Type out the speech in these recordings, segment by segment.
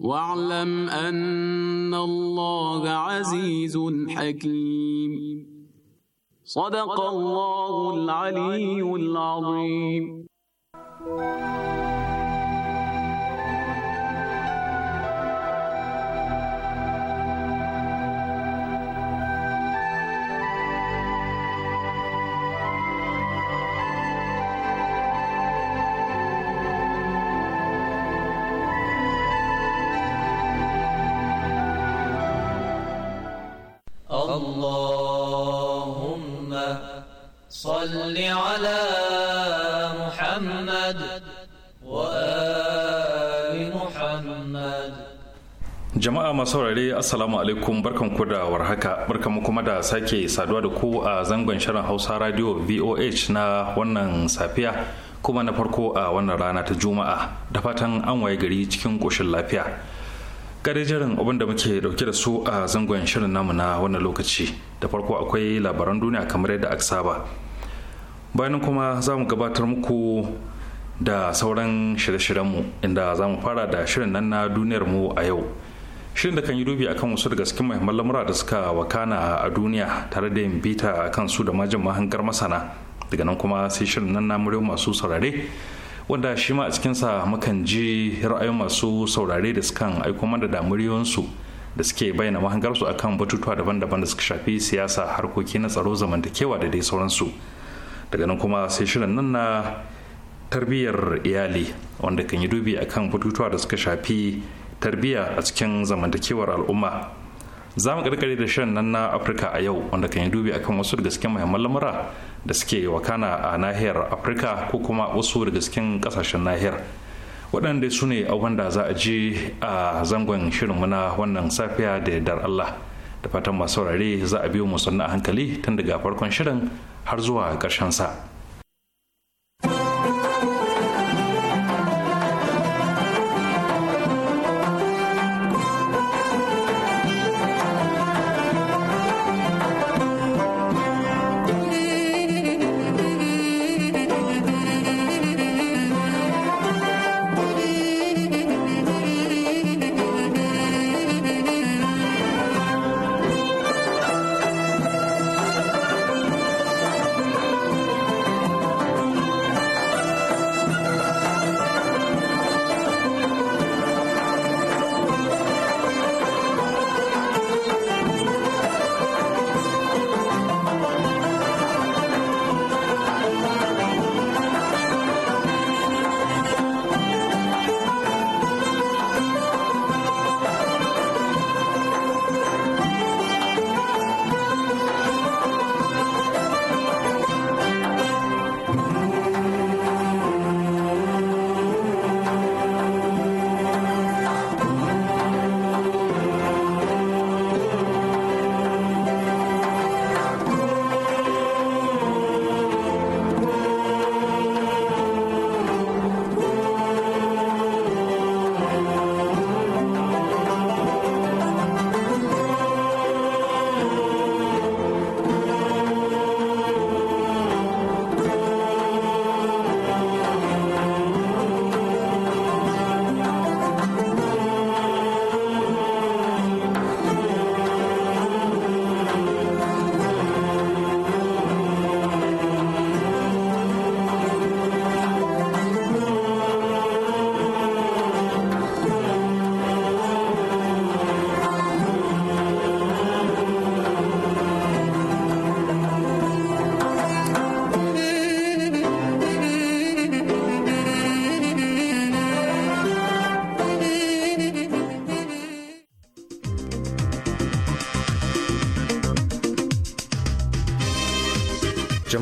واعلم أن الله عزيز حكيم صدق الله العلي العظيم اللهم صل على محمد وآل محمد jama'a masu saurare assalamu alaikum barkan ku da warhaka barkanku kuma da sake saduwa da ku a zangon shirin hausa radio voh na wannan safiya kuma na farko a wannan rana ta juma'a da fatan an waye gari cikin ƙoshin lafiya gare jiran abin da muke dauke da su a zangon shirin namu na wannan lokaci da farko akwai labaran duniya kamar yadda aka saba bayan kuma za mu gabatar muku da sauran shirye-shiryenmu inda za mu fara da shirin nan na duniyar mu a yau shirin da kan yi dubi akan wasu daga cikin mahimman lamura da suka wakana a duniya tare da yin bita akan su da majin mahangar masana daga nan kuma sai shirin nan na muryar masu saurare wanda shi ma a cikinsa mukan ji ra'ayin masu saurare da sukan aiko mana da muryoyinsu da suke bayyana mahangarsu akan batutuwa daban-daban da suka shafi siyasa harkoki na tsaro zamantakewa da dai sauransu daga nan kuma sai shirin nan na tarbiyyar iyali wanda kan yi dubi akan batutuwa da suka shafi tarbiyya a cikin zamantakewar al'umma za mu karkare da shirin nan na afirka a yau wanda kan yi dubi akan wasu daga cikin muhimman lamura da suke wakana a nahiyar afirka ko kuma wasu daga cikin kasashen nahiyar waɗanda su ne abin da za a ji a zangon shirin na wannan safiya da dar allah da fatan masu saurare za a biyo mu a hankali tun daga farkon shirin har zuwa ƙarshen sa.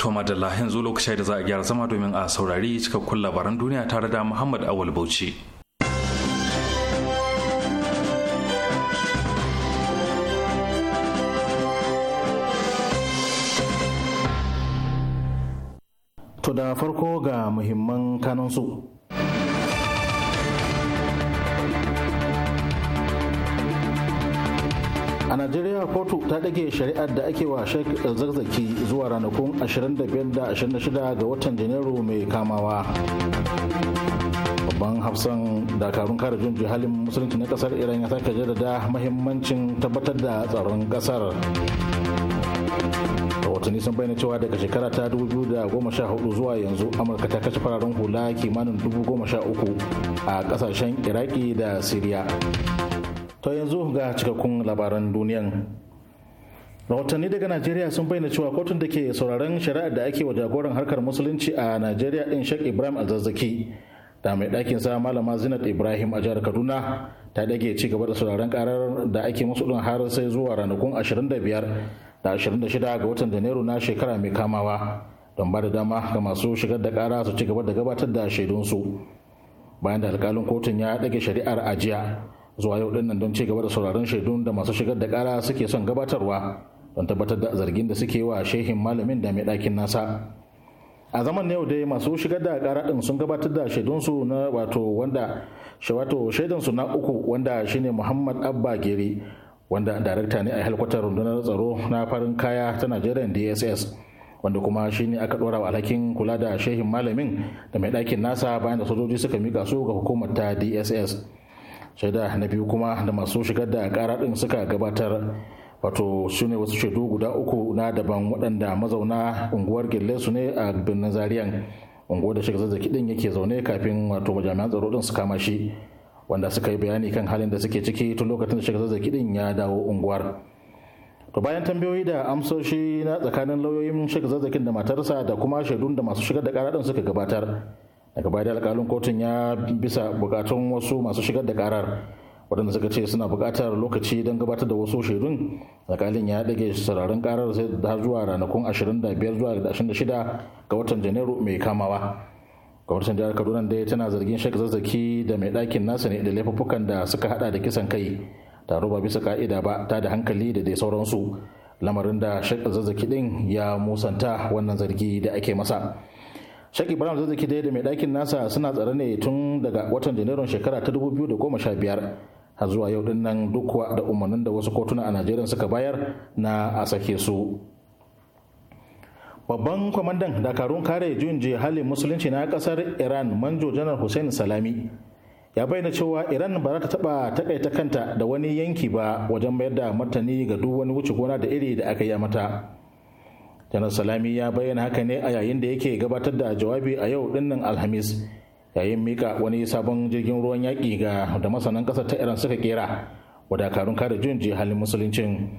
To madalla yanzu lokacin da za a gyara zama domin a saurari cikakkun labaran duniya tare da Muhammad Awal Bauchi. To da farko ga muhimman kanansu. a najeriya kotu ta dage shari'ar da ake wa shek zarzaki zuwa ranakun 25 da 26 ga watan janairu mai kamawa babban hafsan dakarun kare junji halin musulunci na kasar iran ya sake jaddada mahimmancin tabbatar da tsaron kasar watanni sun bayyana cewa daga shekara ta 2014 zuwa yanzu amurka ta kashe fararen hula kimanin 13,000 a kasashen iraki da siriya to yanzu ga cikakkun labaran duniyan rahotanni daga najeriya sun bayyana cewa kotun da ke sauraron shari'ar da ake wa jagoran harkar musulunci a najeriya din shek ibrahim alzazzaki da mai ɗakin sa malama zinat ibrahim a jihar kaduna ta dage ci gaba da sauraron karar da ake musu din har sai zuwa ranakun 25 da 26 ga watan janairu na shekara mai kamawa don ba da dama ga masu shigar da kara su ci gaba da gabatar da shaidunsu bayan da alkalin kotun ya dage shari'ar a jiya zuwa yau dinnan don ci gaba da sauraron shaidun da masu shigar da kara suke son gabatarwa don tabbatar da zargin da suke wa shehin malamin da mai ɗakin nasa a zaman yau dai masu shigar da kara din sun gabatar da shaidunsu na wato wanda shawato shaidansu na uku wanda shine muhammad abba gere wanda darakta ne a halkwatar rundunar tsaro na farin kaya ta najeriya dss wanda kuma shine aka ɗora wa alhakin kula da shehin malamin da mai ɗakin nasa bayan da sojoji suka mika su ga hukumar ta dss shaida na biyu kuma da masu shigar da kara din suka gabatar wato su ne wasu shaidu guda uku na daban waɗanda mazauna unguwar gille su ne a birnin zariyan unguwar da shiga zazzaki din yake zaune kafin wato majami'an tsaro din su kama shi wanda suka yi bayani kan halin da suke ciki tun lokacin da shiga zazzaki din ya dawo unguwar to bayan tambayoyi da amsoshi na tsakanin lauyoyin shiga zazzakin da matarsa da kuma shaidun da masu shigar da kara din suka gabatar daga baya alkalin kotun ya bisa bukatun wasu masu shigar da karar waɗanda suka ce suna bukatar lokaci don gabatar da wasu shirin alkalin ya ɗage sararin karar sai da zuwa ranakun 25 zuwa 26 ga watan janairu mai kamawa gwamnatin jihar kaduna dai tana zargin shek zazzaki da mai ɗakin nasa ne da laifuffukan da suka hada da kisan kai taro ba bisa ka'ida ba ta da hankali da dai sauransu lamarin da shek zazzaki ɗin ya musanta wannan zargi da ake masa shaki ibrahim zazzaki dai da mai ɗakin nasa suna tsare ne tun daga watan janairun shekara ta 2015 har zuwa yau din nan duk da umarnin da wasu kotuna a najeriya suka bayar na a sake su babban kwamandan dakarun kare juyin halin musulunci na kasar iran manjo janar hussein salami ya bayyana cewa iran ba za ta taba takaita kanta da wani yanki ba wajen mayar da martani ga duk wani wuce gona da iri da aka yi mata janar salami ya bayyana haka ne a yayin da yake gabatar da jawabi a yau dinnan alhamis yayin mika wani sabon jirgin ruwan yaƙi ga da masanan ƙasar ta iran suka kera wadakarun kare jin halin musuluncin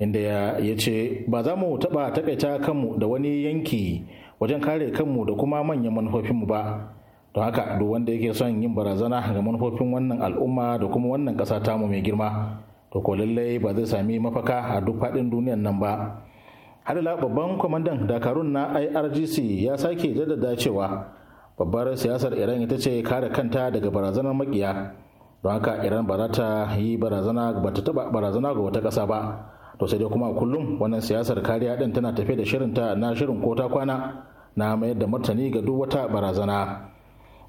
inda ya ce ba za mu taɓa taƙaita kanmu da wani yanki wajen kare kanmu da kuma manyan manufofinmu ba don haka duk wanda yake son yin barazana ga manufofin wannan al'umma da kuma wannan ƙasa tamu mai girma to ko lallai ba zai sami mafaka a duk faɗin duniyan nan ba har babban kwamandan dakarun na irgc ya sake jaddada cewa babbar siyasar iran ita ce kare kanta daga barazanar makiya don haka iran ba za ta yi barazana ba ta taba barazana ga wata ƙasa ba to sai dai kuma kullum wannan siyasar kariya din tana tafe da shirinta na shirin kota kwana na mayar da martani ga duk wata barazana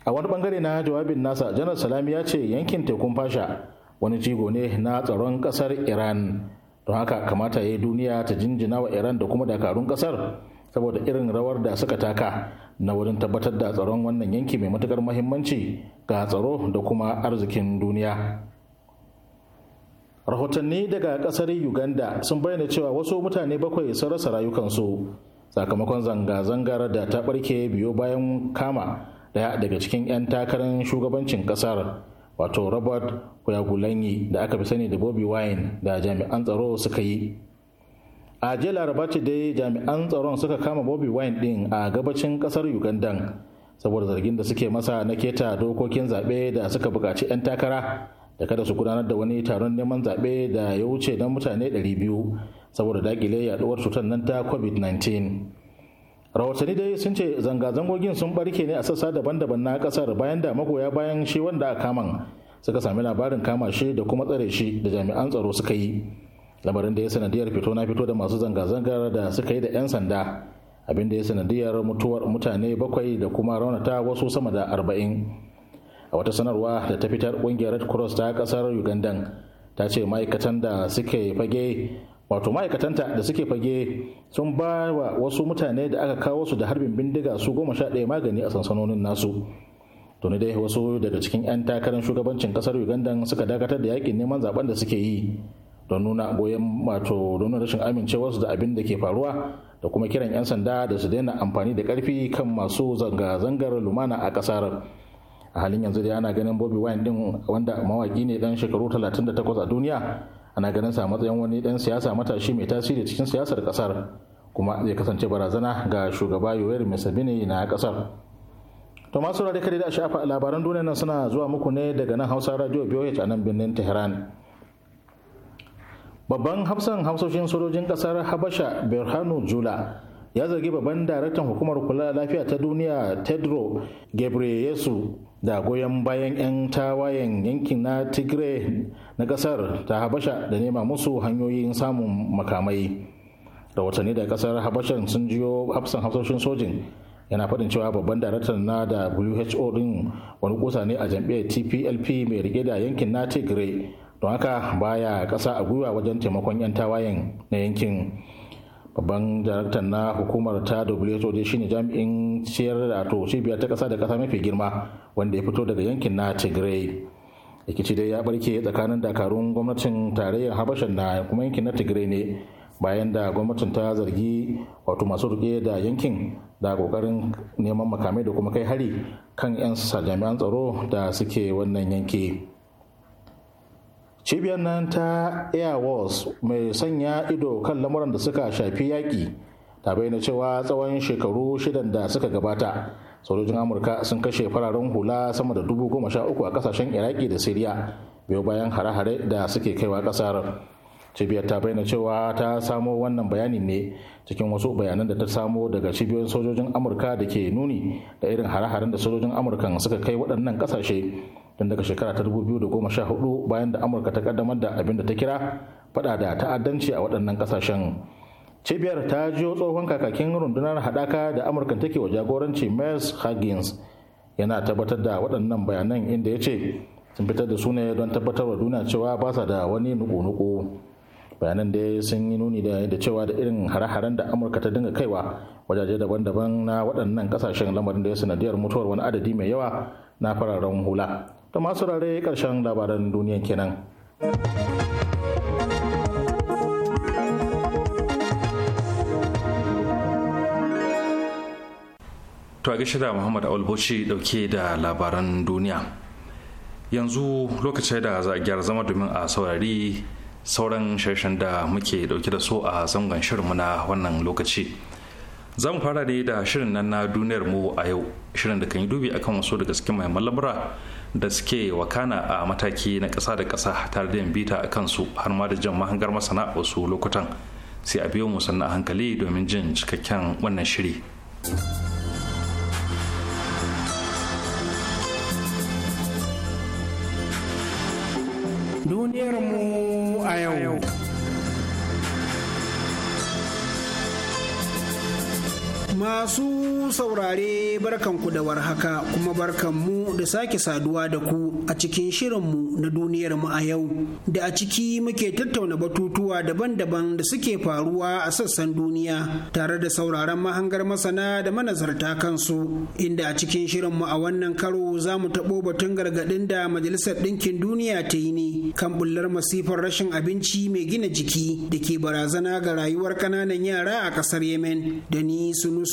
a wani bangare na jawabin nasa janar salami ya ce yankin tekun fasha wani jigo ne na tsaron kasar iran don haka kamata ya yi duniya ta jinjina wa iran da kuma dakarun kasar saboda irin rawar da suka taka na wurin tabbatar da tsaron wannan yanki mai matukar mahimmanci ga tsaro da kuma arzikin duniya rahotanni daga kasar uganda sun bayyana cewa wasu mutane bakwai sun rasa rayukansu sakamakon zanga-zangar da ta barke biyo bayan kama daya daga cikin 'yan takarar shugabancin kasar wato robert kuyagulanyi da aka fi sani da bobi wine da jami'an tsaro suka yi a jiya laraba ce dai jami'an tsaron suka kama bobi wine din a gabacin kasar uganda saboda zargin da suke masa na keta dokokin zaɓe da suka buƙaci 'yan takara da kada su gudanar da wani taron neman zaɓe da ya wuce don mutane 200 saboda daƙile yaɗuwar cutar nan ta covid-19 rahotanni dai sun ce zanga-zangogin sun barke ne a sassa daban-daban na kasar bayan da magoya bayan shi wanda a kaman suka sami labarin kama shi da kuma tsare shi da jami'an tsaro suka yi lamarin da ya sanadiyar fito na fito da masu zanga-zangar da suka yi da 'yan sanda abin da ya sanadiyar mutuwar mutane bakwai da kuma raunata wasu sama da arba'in a wata sanarwa da ta fitar kungiyar red cross ta kasar ugandan ta ce ma'aikatan da suke fage wato ma'aikatanta da suke fage sun ba wa wasu mutane da aka kawo su da harbin bindiga su goma sha ɗaya magani a sansanonin nasu tuni dai wasu daga cikin 'yan takarar shugabancin kasar uganda suka dakatar da yakin neman zaben da suke yi don nuna goyon wato don rashin amincewarsu da abin da ke faruwa da kuma kiran 'yan sanda da su daina amfani da karfi kan masu zanga-zangar lumana a kasar a halin yanzu dai ana ganin bobi wine din wanda mawaki ne dan shekaru 38 a duniya ana ganin sa matsayin wani dan siyasa matashi mai tasiri cikin siyasar kasar kuma zai kasance barazana ga shugaba yoweri museveni na kasar to masu kare da shafa labaran duniya nan suna zuwa muku ne daga nan hausa radio biyo a nan birnin tehran babban hafsan hafsoshin sojojin kasar habasha berhanu jula ya zargi babban daraktan hukumar kula da lafiya ta duniya tedro gebreyesu da goyon bayan 'yan tawayen yankin na tigray na kasar ta habasha da nema musu hanyoyin samun makamai da watanni da kasar habashan sun jiyo hafsan hafsoshin sojin yana faɗin cewa babban daraktan na da who din wani kusa ne a jam'iyyar tplp mai rike da yankin na tigray don haka baya kasa a gwiwa wajen taimakon 'yan tawayen na yankin babban daraktan na hukumar ta who shine jami'in ciyar da to cibiya ta kasa da kasa mafi girma wanda ya fito daga yankin na tigray rikici dai ya barke tsakanin dakarun gwamnatin tarayyar habashan da kuma yankin na tigray ne bayan da gwamnatin ta zargi wato masu rike da yankin da kokarin neman makamai da kuma kai hari kan 'yan jami'an tsaro da suke wannan yanki. cibiyar nan ta air mai sanya ido kan lamuran da suka shafi yaƙi ta bayyana cewa tsawon shekaru shidan da suka gabata sojojin amurka sun kashe fararen hula sama da dubu goma sha uku a kasashen iraki da siriya biyo bayan hare-hare da suke kaiwa kasar cibiyar ta bayyana cewa ta samo wannan bayani ne cikin wasu bayanan da ta samo daga cibiyoyin sojojin amurka da ke nuni da irin hare-haren da sojojin amurka suka kai waɗannan ƙasashe tun daga shekara ta 2014 bayan da amurka ta kaddamar da abin da ta kira faɗa da ta'addanci a waɗannan ƙasashen cibiyar ta jiyo tsohon kakakin rundunar haɗaka da amurka take wa jagoranci mers huggins yana tabbatar da waɗannan bayanan inda ya ce sun fitar da su don tabbatar wa duniya cewa ba sa da wani nuku-nuku bayanan da sun yi nuni da cewa da irin hare-haren da amurka ta dinga kaiwa wajaje daban-daban na waɗannan ƙasashen lamarin da ya sanadiyar mutuwar wani adadi mai yawa na fararen hula da masu rare ƙarshen labaran duniyan kenan to a da muhammad awal bauchi dauke da labaran duniya yanzu lokacin da za a gyara zama domin a saurari sauran shirshen da muke dauke da su a zangon shirinmu na wannan lokaci za mu fara ne da shirin nan na duniyar mu a yau shirin da kan yi dubi akan wasu daga cikin mai malabra da suke wakana a mataki na ƙasa da ƙasa tare da yin bita a kansu har ma da jan mahangar masana wasu lokutan sai a biyo mu sannan hankali domin jin cikakken wannan shiri. duniyar duniyarmu a yau Masu saurare barkanku da warhaka kuma barkanmu da sake saduwa da ku a cikin shirinmu na duniyarmu a yau da a ciki muke tattauna batutuwa daban-daban da suke faruwa a sassan duniya tare da sauraron mahangar masana da manazarta kansu inda a cikin shirinmu a wannan karo za mu taɓo batun gargaɗin da Majalisar Ɗinkin Duniya ta yi ne kan bullar masifar rashin abinci mai gina jiki da ke barazana ga rayuwar ƙananan yara a ƙasar Yemen da ni Sunusu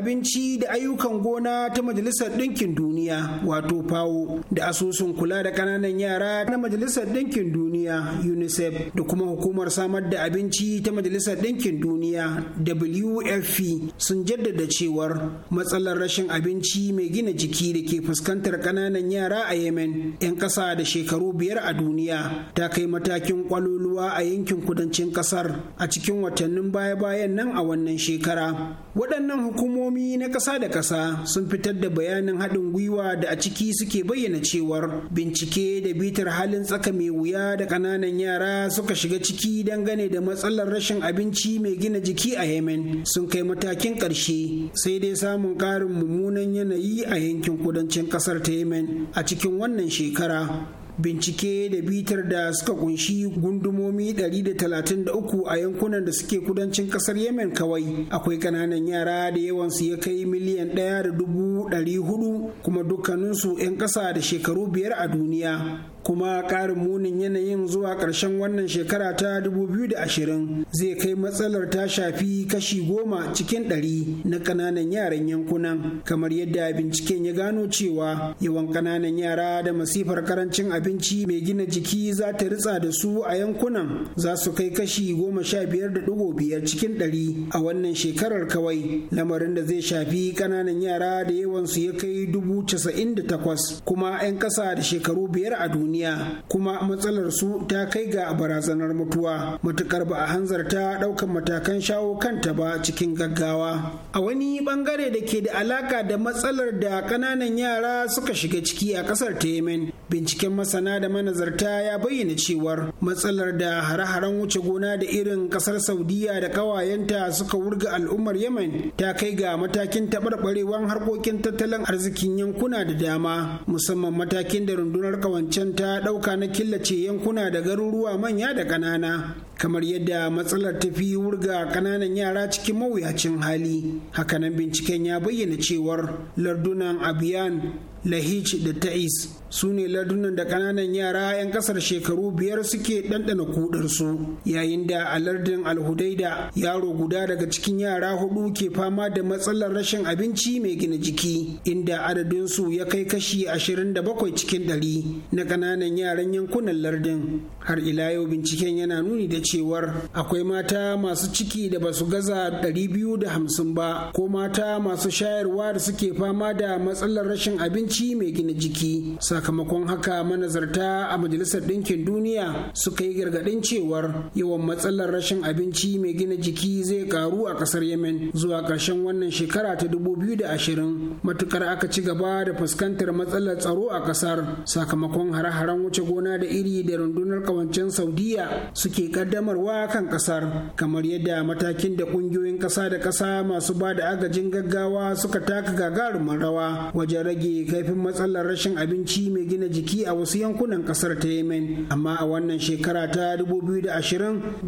abinci da ayyukan gona ta majalisar ɗinkin duniya wato fawo da asusun kula da ƙananan yara na majalisar ɗinkin duniya unicef da kuma hukumar samar da abinci ta majalisar ɗinkin duniya wfp sun jaddada cewar matsalar rashin abinci mai gina jiki da ke fuskantar ƙananan yara a yemen 'yan ƙasa da shekaru biyar a duniya ta kai matakin kwaloluwa a yankin kudancin ƙasar a cikin watannin baya-bayan nan a wannan shekara waɗannan hukumomi hukumomi na ƙasa da ƙasa sun fitar da bayanin haɗin gwiwa da a ciki suke bayyana cewar bincike da bitar halin tsaka mai wuya da ƙananan yara suka shiga ciki dangane da matsalar rashin abinci mai gina jiki a yemen sun kai matakin ƙarshe sai dai samun ƙarin mummunan yanayi a yankin kudancin ƙasar ta yemen a cikin wannan shekara bincike da bitar da suka kunshi gundumomi 133 a yankunan da suke kudancin kasar yemen kawai akwai kananan yara da yawan su ya kai miliyan ɗaya da dubu ɗari hudu kuma dukkaninsu 'yan ƙasa da shekaru biyar a duniya kuma ƙarin munin yanayin zuwa ƙarshen wannan shekara ta 2020 zai kai matsalar ta shafi kashi goma cikin ɗari na ƙananan yaran yankunan kamar yadda binciken ya gano cewa yawan ƙananan yara da masifar karancin abinci mai gina jiki za ta ritsa da su a yankunan za su kai kashi goma sha biyar da ɗigo biyar cikin ɗari a wannan shekarar kawai lamarin da zai shafi ƙananan yara da yawansu ya kai dubu casa'in da takwas kuma 'yan ƙasa da shekaru biyar a duniya duniya kuma matsalar su ta kai ga barazanar mutuwa matukar ba a hanzarta ɗaukar matakan shawo kanta ba cikin gaggawa a wani bangare da ke da alaka da matsalar da ƙananan yara suka shiga ciki a ƙasar ta yemen binciken masana da manazarta ya bayyana cewar matsalar da hare-haren wuce gona da irin kasar saudiya da kawayenta suka wurga al'ummar yemen ta kai ga matakin taɓarɓarewar harkokin tattalin arzikin yankuna da dama musamman matakin da rundunar kawancen ta ɗauka na killace yankuna da garuruwa manya da ƙanana kamar yadda matsalar ta fi wurga ƙananan yara cikin mawuyacin hali hakanan binciken ya bayyana cewar lardunan abiyan lahij da ta'is su ne lardunan da ƙananan yara 'yan ƙasar shekaru biyar suke ɗanɗana kudarsu yayin da a lardin alhudaida yaro guda daga cikin yara hudu ke fama da matsalar rashin abinci mai gina jiki inda adadinsu ya kai kashi 27 cikin ɗari na ƙananan yaran yankunan lardin har ila yau binciken yana nuni da cewar akwai mata masu ciki da basu gaza 250 ba ko mata masu shayarwa da suke fama da matsalar rashin abinci mai gina jiki sakamakon haka manazarta a majalisar ɗinkin duniya suka yi gargaɗin cewar yawan matsalar rashin abinci mai gina jiki zai karu a ƙasar yemen zuwa ƙarshen wannan shekara ta dubu biyu da ashirin. matukar aka ci gaba da fuskantar matsalar tsaro a ƙasar sakamakon hare-haren wuce gona da iri da rundunar ƙawancen saudiya suke ƙaddamar damarwa kan ƙasar kamar yadda matakin da ƙungiyoyin ƙasa da ƙasa masu ba da agajin gaggawa suka taka gagarumin rawa wajen rage kaifin matsalar rashin abinci mai gina jiki a wasu yankunan ƙasar ta yemen amma a wannan shekara ta 2020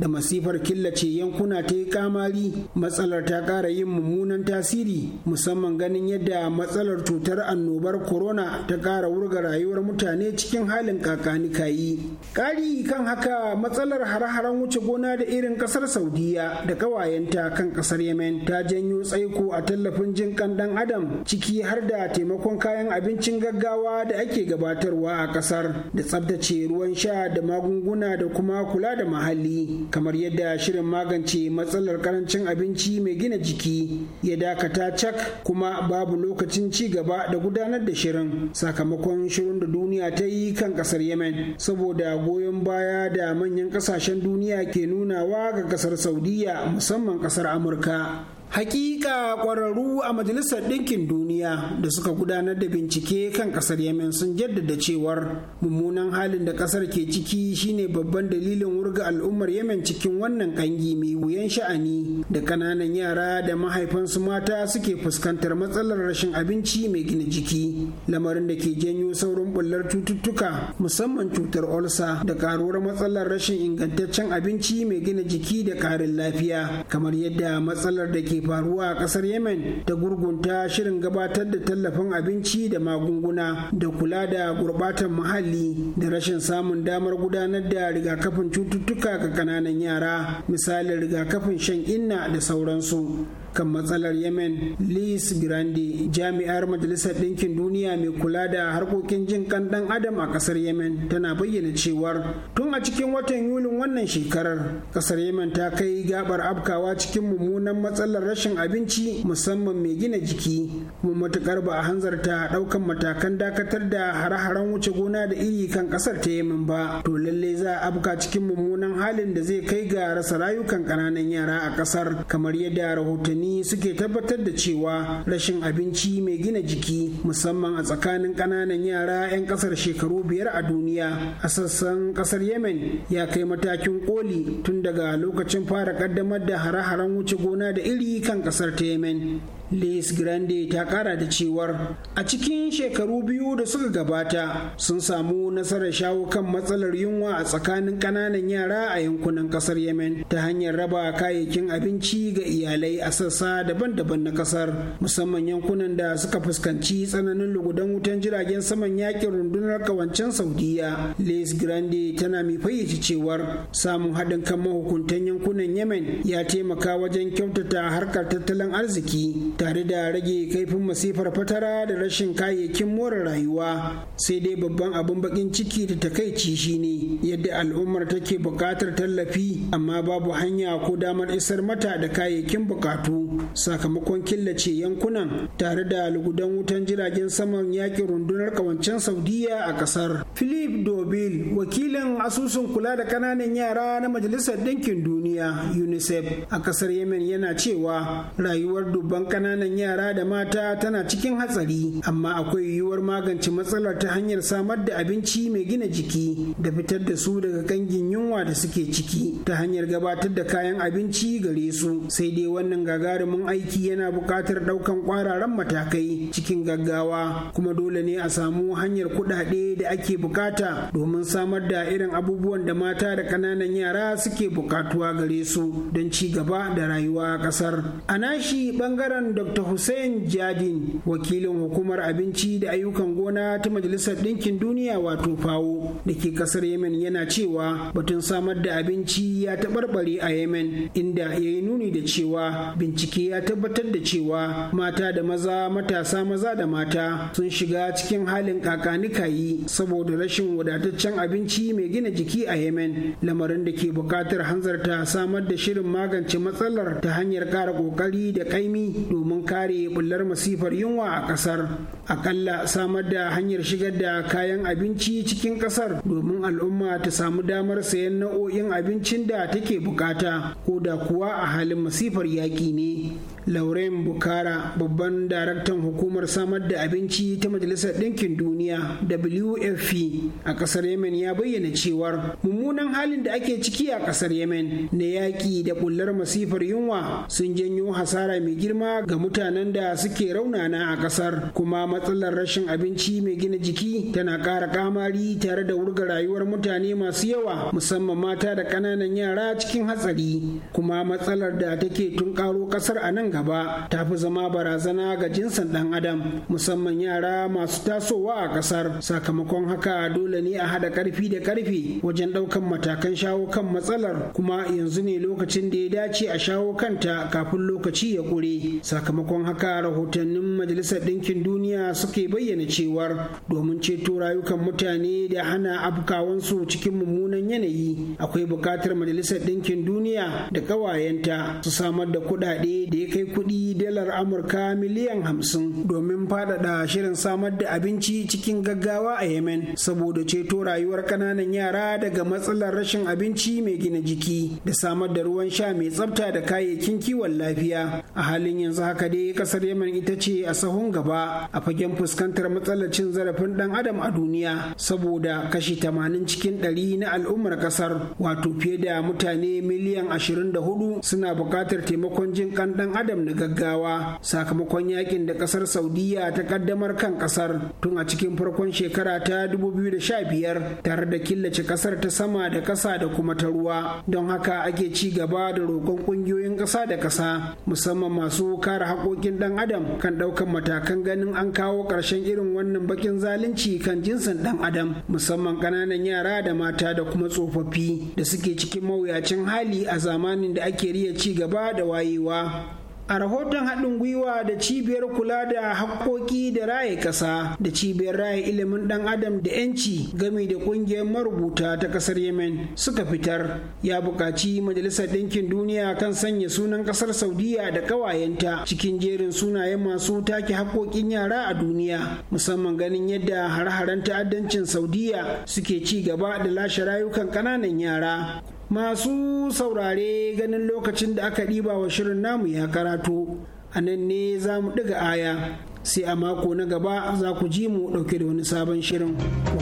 da masifar killace yankuna ta yi kamari matsalar ta ƙara yin mummunan tasiri musamman ganin yadda matsalar cutar annobar corona ta ƙara wurga rayuwar mutane cikin halin kakanikayi ƙari kan haka matsalar hare hare An wuce gona da irin kasar saudiya da kawayenta kan kasar yemen ta janyo tsaiko a tallafin jin kan dan adam ciki har da taimakon kayan abincin gaggawa da ake gabatarwa a kasar da tsabtace ruwan sha da magunguna da kuma kula da mahalli kamar yadda shirin magance matsalar karancin abinci mai gina jiki ya dakata cak kuma babu lokacin ci gaba da gudanar da shirin sakamakon shirin da duniya ta yi kan kasar yemen saboda goyon baya da manyan kasashen duniya duniya ke nunawa ga kasar saudiya musamman kasar amurka hakika kwararru a majalisar ɗinkin duniya da suka gudanar da bincike kan ƙasar yemen sun jaddada cewar mummunan halin da ƙasar ke ciki shine babban dalilin wurga al'ummar yemen cikin wannan ƙangi mai wuyan sha'ani da ƙananan yara da mahaifansu mata suke fuskantar matsalar rashin abinci mai gina jiki lamarin da ke janyo saurin bullar cututtuka musamman cutar olsa da karuwar matsalar rashin ingantaccen abinci mai gina jiki da ƙarin lafiya kamar yadda matsalar da ke faruwa a kasar yemen ta gurgunta shirin gabatar da tallafin abinci da magunguna da kula da gurbatan muhalli da rashin samun damar gudanar da rigakafin cututtuka ga kananan yara misalin rigakafin shan inna da sauransu kan matsalar yemen liz grande jami'ar majalisar ɗinkin duniya mai kula da harkokin jin kan dan adam a ƙasar yemen tana bayyana cewar tun a cikin watan yulin wannan shekarar ƙasar yemen ta kai gabar afkawa cikin mummunan matsalar rashin abinci musamman mai gina jiki kuma matukar ba a hanzarta ɗaukan matakan dakatar da hare-haren wuce gona da iri kan ƙasar ta yemen ba to lalle za a afka cikin mummunan halin da zai kai ga rasa rayukan ƙananan yara a ƙasar kamar yadda rahotanni rahotanni suke tabbatar da cewa rashin abinci mai gina jiki musamman a tsakanin ƙananan yara 'yan ƙasar shekaru biyar a duniya a sassan ƙasar yemen ya kai matakin koli tun daga lokacin fara ƙaddamar da hare-haren wuce gona da iri kan ƙasar ta yemen Liz Grande ta kara da cewar a cikin shekaru biyu da suka gabata sun samu nasarar shawo kan matsalar yunwa a tsakanin ƙananan yara a yankunan ƙasar Yemen ta hanyar raba kayayyakin abinci ga iyalai a sassa daban-daban na ƙasar musamman yankunan da suka fuskanci tsananin lugudan wutan jiragen saman yakin rundunar kawancen Saudiya. Liz Grande tana mai fayyace cewar samun haɗin kan mahukuntan yankunan Yemen ya taimaka wajen kyautata harkar tattalin arziki tare da rage kaifin masifar fatara da rashin kayayyakin more rayuwa sai dai babban abin bakin ciki da takaici shine yadda al'ummar take buƙatar tallafi amma babu hanya ko damar isar mata da kayayyakin buƙatu, sakamakon killace yankunan tare da lugudan wutan jiragen saman yaƙin rundunar kawancen saudiya a kasar philip dobil wakilin asusun kula da ƙananan yara na majalisar ɗinkin duniya unicef a ƙasar yemen yana cewa rayuwar dubban kananan ƙananan yara da mata tana cikin hatsari amma akwai yiwuwar magance matsalar ta hanyar samar da abinci mai gina jiki da fitar da su daga kangin yunwa da suke ciki ta hanyar gabatar da kayan abinci gare su sai dai wannan gagarumin aiki yana buƙatar ɗaukan ƙwararren matakai cikin gaggawa kuma dole ne a samu hanyar kuɗaɗe da ake buƙata domin samar da irin abubuwan da mata da ƙananan yara suke buƙatuwa gare su don ci gaba da rayuwa a ƙasar a nashi ɓangaren dr hussein jadin wakilin hukumar abinci da ayyukan gona ta majalisar ɗinkin duniya wato fawo da ke ƙasar yemen yana cewa batun samar da abinci ya taɓarɓare a yemen inda ya yi nuni da cewa bincike ya tabbatar da cewa mata da maza matasa maza da mata sun shiga cikin halin kakanikayi saboda rashin wadataccen abinci mai gina jiki a yemen lamarin da ke buƙatar hanzarta samar da shirin magance matsalar ta hanyar ƙara ƙoƙari da ƙaimi domin kare bullar masifar yunwa a kasar akalla samar da hanyar shigar da kayan abinci cikin kasar domin al'umma ta samu damar sayan nau'o'in abincin da take bukata ko da kuwa a halin masifar yaƙi ne lauren bukara babban daraktan hukumar samar da abinci ta majalisar ɗinkin duniya wfp a ƙasar yemen ya bayyana cewar mummunan halin da ake ciki a ƙasar yemen na yaƙi da bullar masifar yunwa sun janyo hasara mai girma ga mutanen da suke raunana a kasar kuma matsalar rashin abinci mai gina jiki tana ƙara kamari tare da wurga rayuwar mutane masu yawa musamman mata da ƙananan yara cikin hatsari kuma matsalar da take tun ƙaro kasar a nan gaba ta fi zama barazana ga jinsin ɗan adam musamman yara masu tasowa a kasar sakamakon haka dole ne a haɗa ƙarfi da ƙarfe wajen ɗaukan matakan shawo kan matsalar kuma yanzu ne lokacin da ya dace a shawo kanta kafin lokaci ya ƙure sakamakon haka rahotannin majalisar ɗinkin duniya suke bayyana cewar domin ceto rayukan mutane da hana abukawansu cikin mummunan yanayi akwai buƙatar majalisar ɗinkin duniya da ƙawayenta su samar da kuɗaɗe da ya kai kuɗi dalar amurka miliyan hamsin domin faɗaɗa shirin samar da abinci cikin gaggawa a yemen saboda ceto rayuwar ƙananan yara daga matsalar rashin abinci mai gina jiki da samar da ruwan sha mai tsafta da kayayyakin kiwon lafiya a halin yanzu haka dai kasar yemen ita ce a sahun gaba a fagen fuskantar matsalar cin zarafin dan adam a duniya saboda kashi 80 cikin 100 na al'ummar kasar wato fiye da mutane miliyan 24 suna bukatar taimakon jin kan dan adam na gaggawa sakamakon yakin da kasar saudiya ta kaddamar kan kasar tun a cikin farkon shekara ta 2015 tare da killace kasar ta sama da kasa da kuma ta ruwa don haka ake ci gaba da roƙon ƙungiyoyin ƙasa da ƙasa musamman masu kare kare haƙoƙin ɗan adam kan ɗaukan matakan ganin an kawo ƙarshen irin wannan baƙin zalunci kan jinsin ɗan adam musamman ƙananan yara da mata da kuma tsofaffi da suke cikin mawuyacin hali a zamanin da ake riya ci gaba da wayewa a rahoton haɗin gwiwa da cibiyar kula da haƙƙoƙi da raye ƙasa da cibiyar raye ilimin ɗan adam da 'yanci gami da ƙungiyar marubuta ta ƙasar yemen suka fitar ya buƙaci majalisar ɗinkin duniya kan sanya sunan ƙasar saudiya da ƙawayenta cikin jerin sunayen masu take haƙƙoƙin yara a duniya musamman ganin yadda har-haren ta'addancin saudiya suke ci gaba da lashe rayukan ƙananan yara masu saurare ganin lokacin da aka ɗiba wa shirin namu ya karatu a nan ne za mu ɗiga aya sai a mako na gaba za ku ji mu ɗauke da wani sabon shirin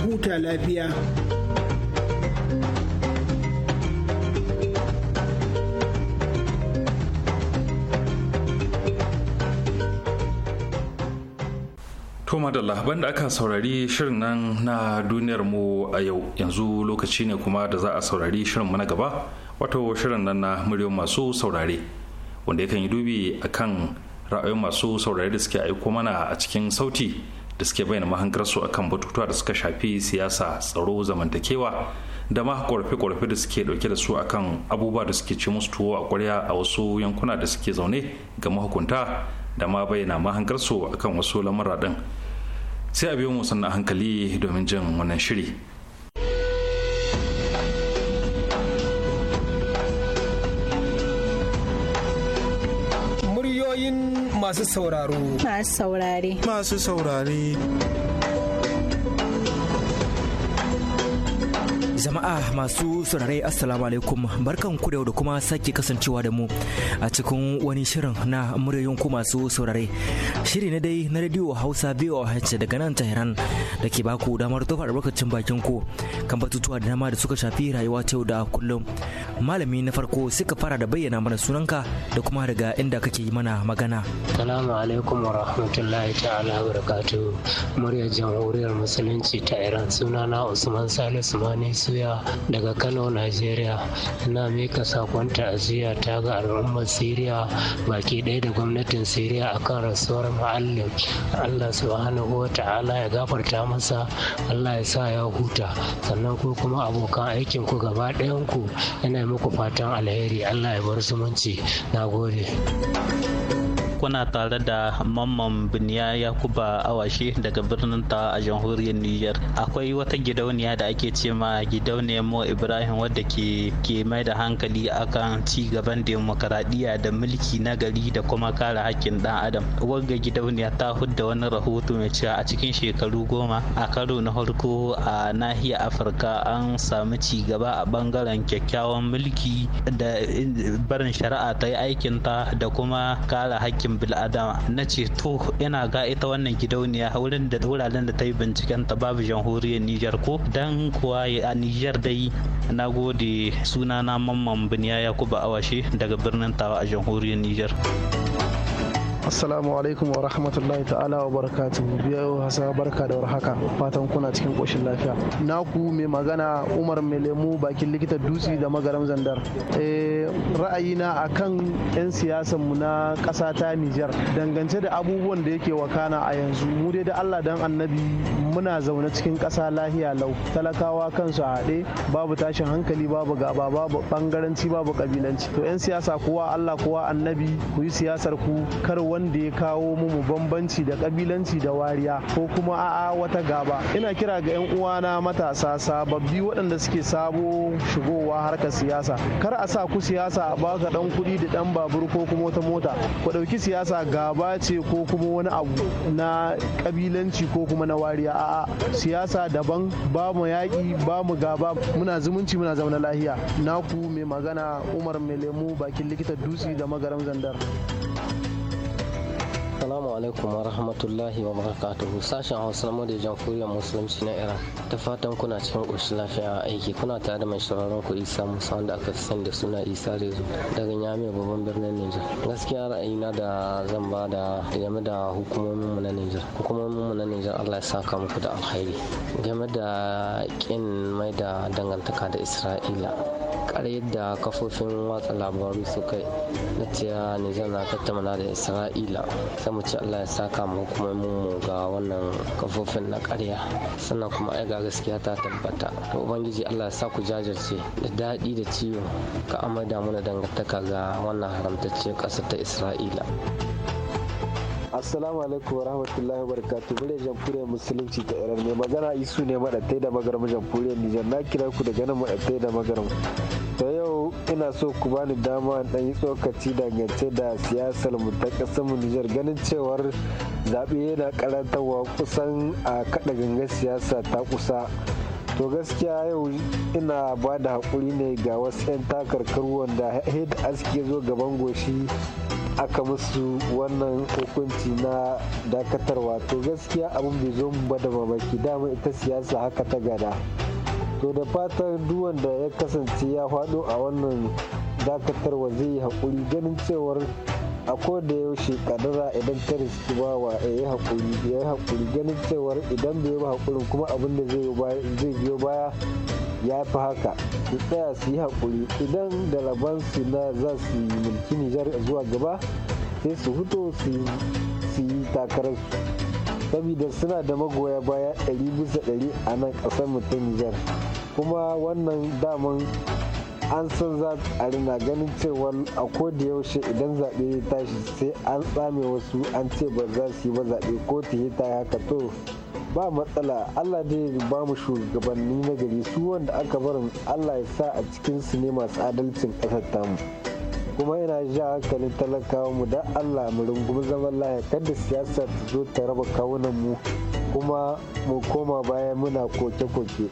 huta lafiya. To madalla banda aka saurari shirin nan na duniyar mu a yau yanzu lokaci ne kuma da za a saurari shirin mu na gaba wato shirin nan na muryar masu saurare wanda yakan yi dubi akan ra'ayoyin masu saurare da suke aiko mana a cikin sauti da suke bayyana mahangarsu akan batutuwa da suka shafi siyasa tsaro zamantakewa da ma korafe-korafe da suke dauke da su akan abubuwa da suke ci musu tuwo a kwarya a wasu yankuna da suke zaune ga mahukunta da ma bayyana mahangarsu akan wasu lamura din sai a biyo mu a hankali domin jin wannan shiri muryoyin masu sauraro masu saurare masu saurare Jama'a masu saurare Assalamu alaikum barkan ku da yau da kuma sake kasancewa da mu a cikin wani shirin na muryoyin ku masu saurare. Shiri na dai na radio Hausa biyu a BOH daga nan Tehran da ke baku damar tofa albarkacin bakin ku kan batutuwa da dama da suka shafi rayuwa ta yau da kullum. Malami na farko suka fara da bayyana mana sunanka da kuma daga inda kake yi mana magana. Assalamu alaikum wa rahmatullahi ta'ala wa barakatuh. Muryar Jamhuriyar Musulunci ta Iran sunana Usman Salisu Mani suya daga Kano, Najeriya. Ina mika sakon ta'aziyya ta ga al'ummar Siriya baki ɗaya da gwamnatin Siriya akan rasuwar ma'allim Allah subhanahu wa ta'ala ya gafarta masa, Allah ya sa ya huta. Sannan ko kuma abokan aikin ku gaba ɗayan ku yana muku fatan alheri. Allah ya bar zumunci. Na gode. kuna tare da mamman biniya yakuba awashe daga birnin ta a jamhuriyar niger akwai wata gidauniya da ake ce ma gidauniyar mo ibrahim wadda ke ke mai da hankali akan ci gaban demokaradiyya da mulki na gari da kuma kare hakkin dan adam wagga gidauniya ta hudda wani rahoto mai cewa a cikin shekaru goma a karo na farko a nahiyar afirka an samu ci gaba a bangaren kyakkyawan mulki da barin shari'a ta yi aikinta da kuma kare hakkin haƙƙin bil'adama na ce to ina ga ita wannan gidauniya wurin da wuraren da ta yi binciken ta babu jamhuriyar Nijar ko dan kuwa a Nijar dai na gode sunana mamman biniya Yakuba Awashe daga birnin Tawa a jamhuriyar Nijar. assalamu alaikum wa rahmatullahi ta'ala wa barakatu biyo hasa barka da warhaka fatan kuna cikin koshin lafiya naku mai magana umar mai lemu bakin likita dutse da magaram zandar ra'ayi eh, ra'ayina kan 'yan siyasan mu na ƙasa ta nijar dangance da abubuwan da yake wakana a yanzu mu dai da allah dan annabi muna zaune cikin ƙasa lahiya lau talakawa kansu a haɗe babu tashin hankali babu gaba babu ɓangaranci babu kabilanci to 'yan siyasa kowa allah kowa annabi ku yi siyasar ku kar wanda ya kawo mu bambanci da kabilanci da wariya ko kuma a'a wata gaba ina kira ga 'yan uwana matasa sababbi waɗanda suke sabo shigowa harkar siyasa kar a sa ku siyasa a baka dan kuɗi da dan babur ko kuma wata mota ku ɗauki siyasa gaba ce ko kuma wani abu na kabilanci ko kuma na wariya a'a siyasa daban ba mu yaƙi ba mu gaba muna zumunci muna zaune lahiya naku mai magana umar mai lemu bakin likita dutse da magaram zandar Assalamu alaikum wa rahmatullahi wa barakatuhu sashen Hausa na da jamhuriyar musulunci na Iran. Ta fatan kuna cikin ƙoshin lafiya a aiki kuna tare da mai sauraron ku Isa Musa wanda aka sani da suna Isa Rezo daga Nyame babban birnin Nijar. Gaskiya ra'ayina da zan ba da game da hukumomin mu na Nijar. Hukumomin mu na Nijar Allah ya saka muku da alkhairi. Game da kin mai da dangantaka da Isra'ila. kare da kafofin watsa labaru suka yi na cewa Nijar na tattauna da Isra'ila. Sai mu ci Allah ya saka mu kuma mu ga wannan kafofin na ƙarya sannan kuma ai ga gaskiya ta tabbata to ubangiji Allah ya sa ku jajirce da daɗi da ciwo ka amada mana dangantaka ga wannan haramtacce ƙasar ta Isra'ila. assalamu alaikum wa rahmatullahi wa barakatuh mure jamhuriyar musulunci ta iran mai magana isu ne maɗatai da magaram jamhuriyar nijar na kira ku daga nan maɗatai da magaram ta yau ina so ku bani dama dan yi tsokaci dangance da siyasar mu ta ƙasar mu nijar ganin cewar zaɓe yana karantarwa kusan a kaɗa gangar siyasa ta kusa to gaskiya yau ina ba da haƙuri ne ga wasu 'yan takarkar wanda da aski zo gaban goshi aka musu wannan hukunci na dakatarwa to gaskiya abin bai zo mu ba da mamaki dama ita siyasa haka ta gada to da fatan duwan da ya kasance ya faɗo a wannan dakatarwa zai yi haƙuri ganin cewar a da yaushe kadara idan ta riski wa ya yi haƙuri ya yi haƙuri ganin cewar idan bai yi haƙurin kuma abin da zai biyo baya ya fi haka su tsaya su yi haƙuri idan da su na za su yi mulki nijar zuwa gaba sai su fito su yi takararsu saboda suna da magoya baya ɗari bisa a nan ƙasar mutum nijar kuma wannan daman an san zaɓi a rina ganin cewa a koda yaushe idan zaɓe ya tashi sai an tsame wasu an ce ba za su yi ba zaɓe ko ta yi ta haka to ba matsala Allah dai ba mu shugabanni na gari su wanda aka barin Allah ya sa a cikin su ne masu adalcin ƙasar tamu. kuma ina ja hankalin talakawa mu da allah mu rungumi zaman lahiya kada siyasa ta zo ta raba kawunan mu kuma mu koma baya muna koke-koke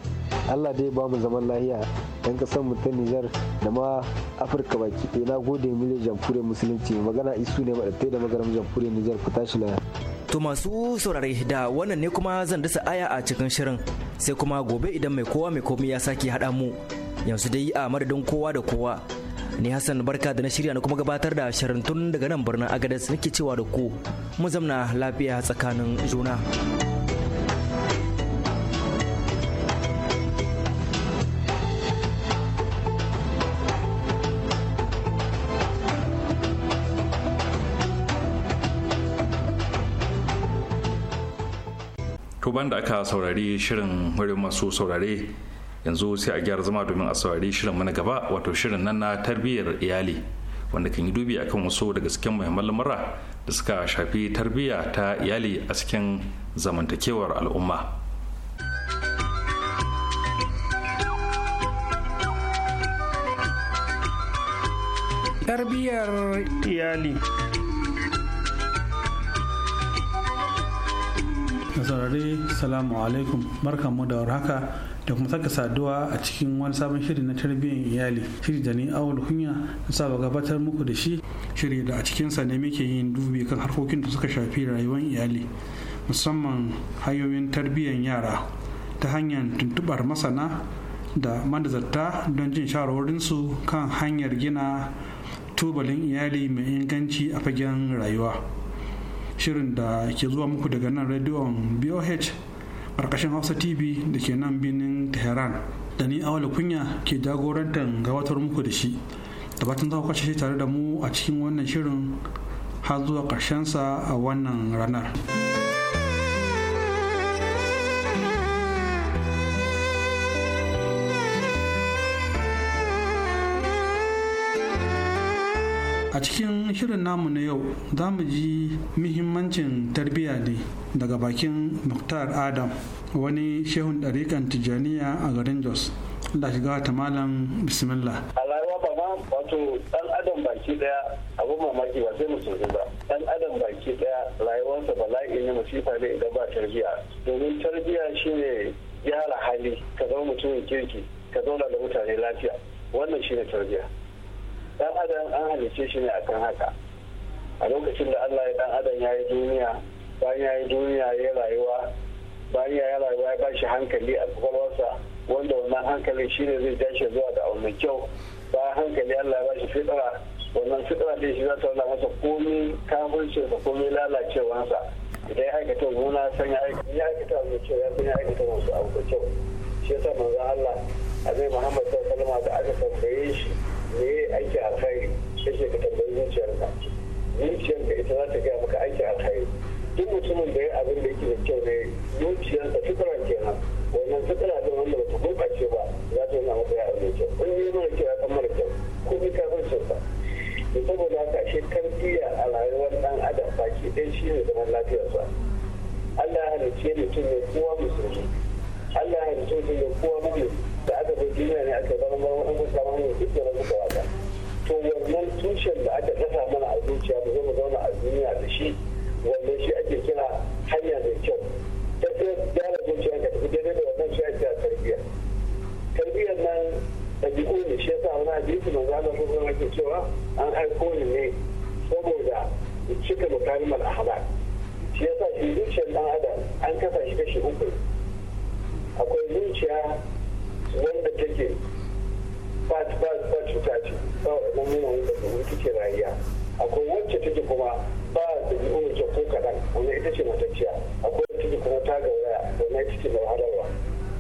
allah dai ba mu zaman lahiya dan kasar mu ta nijar da ma afirka baki ɗaya na gode miliyan jamhuriyar musulunci magana isu ne maɗatai da magaram jamhuriyar nijar ku tashi lahiya To masu saurare da wannan ne kuma zan dasa aya a cikin shirin sai kuma gobe idan mai kowa mai komi ya sake haɗa mu yanzu dai a madadin kowa da kowa ni Hassan barka da na shirya na kuma gabatar da shirin tun daga nan birnin Agadez nake cewa da ku mu zamna lafiya tsakanin juna. to da aka saurari shirin wurin masu saurare yanzu sai a gyara zama domin a saurari shirin mana gaba wato shirin nan na tarbiyyar iyali wanda kan yi dubi akan wasu daga cikin muhimman lamura da suka shafi tarbiyya ta iyali a cikin zamantakewar al'umma tarbiyyar iyali saurari salamu alaikum barkanmu da warhaka da kuma saka saduwa a cikin wani sabon shiri na tarbiyyar iyali shiri da ni awul kunya na saba gabatar muku da shi shiri da a cikinsa ne muke yin dubi kan harkokin da suka shafi rayuwar iyali musamman hanyoyin tarbiyyar yara ta hanyar tuntubar masana da madazarta don jin shawarwarinsu kan hanyar gina tubalin iyali mai inganci a fagen rayuwa shirin da ke zuwa muku daga nan rediyon boh karkashin hausa tv da ke nan birnin tehran da ni awali kunya ke jagorantar gabatar muku da shi da batun za ku tare da mu a cikin wannan shirin har zuwa sa a wannan ranar. a cikin shirin namu na yau za mu ji muhimmancin tarbiyya ne daga bakin muktar adam wani shehun ɗarikan tijjaniya a garin jos da shiga ta malam bismillah a ba ma wato dan adam baki ɗaya abu mamaki ba sai musulmi ba dan adam baki ɗaya rayuwarsa bala'i ne masifa ne idan ba tarbiyya domin tarbiyya shine gyara hali ka zama mutumin kirki ka zauna da mutane lafiya wannan shine tarbiyya dan adam an halice shi ne akan haka a lokacin da allah ya dan adam ya yi duniya bayan ya yi duniya ya yi rayuwa bayan ya yi rayuwa ya ba shi hankali a kwakwalwarsa wanda wannan hankalin shi ne zai tashi zuwa da abu kyau bayan hankali allah ya ba shi fitara wannan fitara da shi za ta wala masa komai kafircinsa komai lalacewansa idan ya aikata gona sanya ya aikata mai kyau ya sanya aikata wasu abu da kyau shi ya yasa manzon allah annabi muhammad sallallahu alaihi da aka tambaye shi me aiki alkhairi sai ka tambayi zuciyar ka ita za ta gaya maka aiki alkhairi duk mutumin da ya abin da yake da kyau ne zuciyarsa fitran kenan wannan fitra da wanda bata gurɓace ba za ta yana maka yaro abin kyau kun yi mara kyau ya san mara kyau ko bi kafin sa to saboda haka ashe tarbiyya a rayuwar dan adam baki ɗaya shi ne zaman lafiyarsa Allah ya halicce mutum ne kowa musulmi Allah ya halicce mutum ne kowa mu'min da aka zo duniya ne aka zama marmar mun samu hanyar duk da muka wata to wannan tushen da aka dasa mana a zuciya mu zo zauna a duniya da shi wannan shi ake kira hanya mai kyau ta ce gyara zuciya ka tafi daidai da wannan shi ake tarbiyya tarbiyyar nan ɗabi'u ne shi yasa wani hadisi mai Allah ko ake cewa an aiko ni ne saboda cika mukarimar ahlak shi yasa shi zuciyar dan adam an kafa shi kashi uku akwai zuciya wanda take ba ba cuta ce ba wannan yanayin da kuma take rayuwa akwai wacce take kuma ba da biyu mace ko kaɗan wani ita ce matacciya akwai wacce take kuma ta gauraya da ita ce da wahalarwa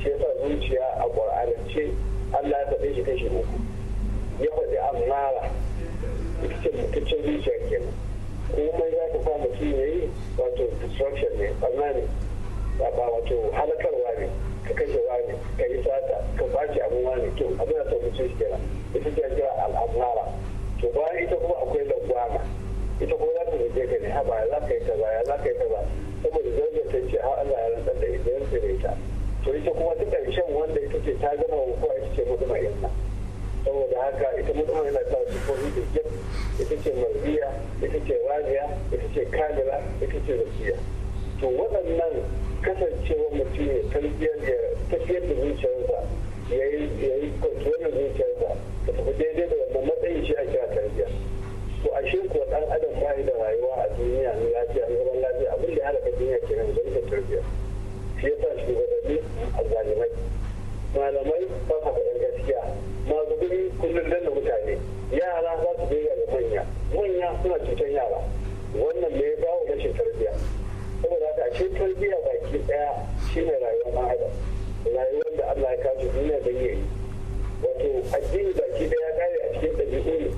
shi sa zuciya a ce Allah ya faɗe shi kashi uku ya faɗi amnara ita ce mutaccen zuciya kenan komai za ka sa mutum ya yi wato destruction ne ɓarna ne ba wato halakarwa ne ka kashe wani ka yi sata ka kwace abin wani kyau abin da sau mutum shi ita ce jira al'amara to bayan ita kuma akwai lagwana ita kuma za ta rage ka ne haba za ka yi ta ya za ka yi ba saboda zarge ta ce har Allah ya rantsar da ita ya tsire ta to ita kuma ta ƙarshen wanda ita ce ta gama kowa ita ce mutum a yanna saboda haka ita mutum yana ta sufofi da jin ita ce marbiya ita ce raniya ita ce kamila ita ce zakiya to waɗannan kasancewa mutum ya tafiyar da zuciyarsa ya yi kwantuwar zuciyarsa da tafi daidai da wannan matsayin shi a kira tarbiyya to a shi kuwa ɗan adam ba da rayuwa a duniya na lafiya na zaman lafiya abin da ya halaka duniya ke nan don da tarbiyya shi ya sa shugabanni a zalimai malamai ba faɗin gaskiya masu kuɗi kullum da mutane yara za su biyayya da manya manya suna cutar yara wannan ne ya bawa rashin tarbiyya saboda ta ashe tarbiyya baki daya shine rayuwar ɗan rayuwar da Allah ya kasu duniya da yi wato addini baki daya ya kare a cikin ɗabi'u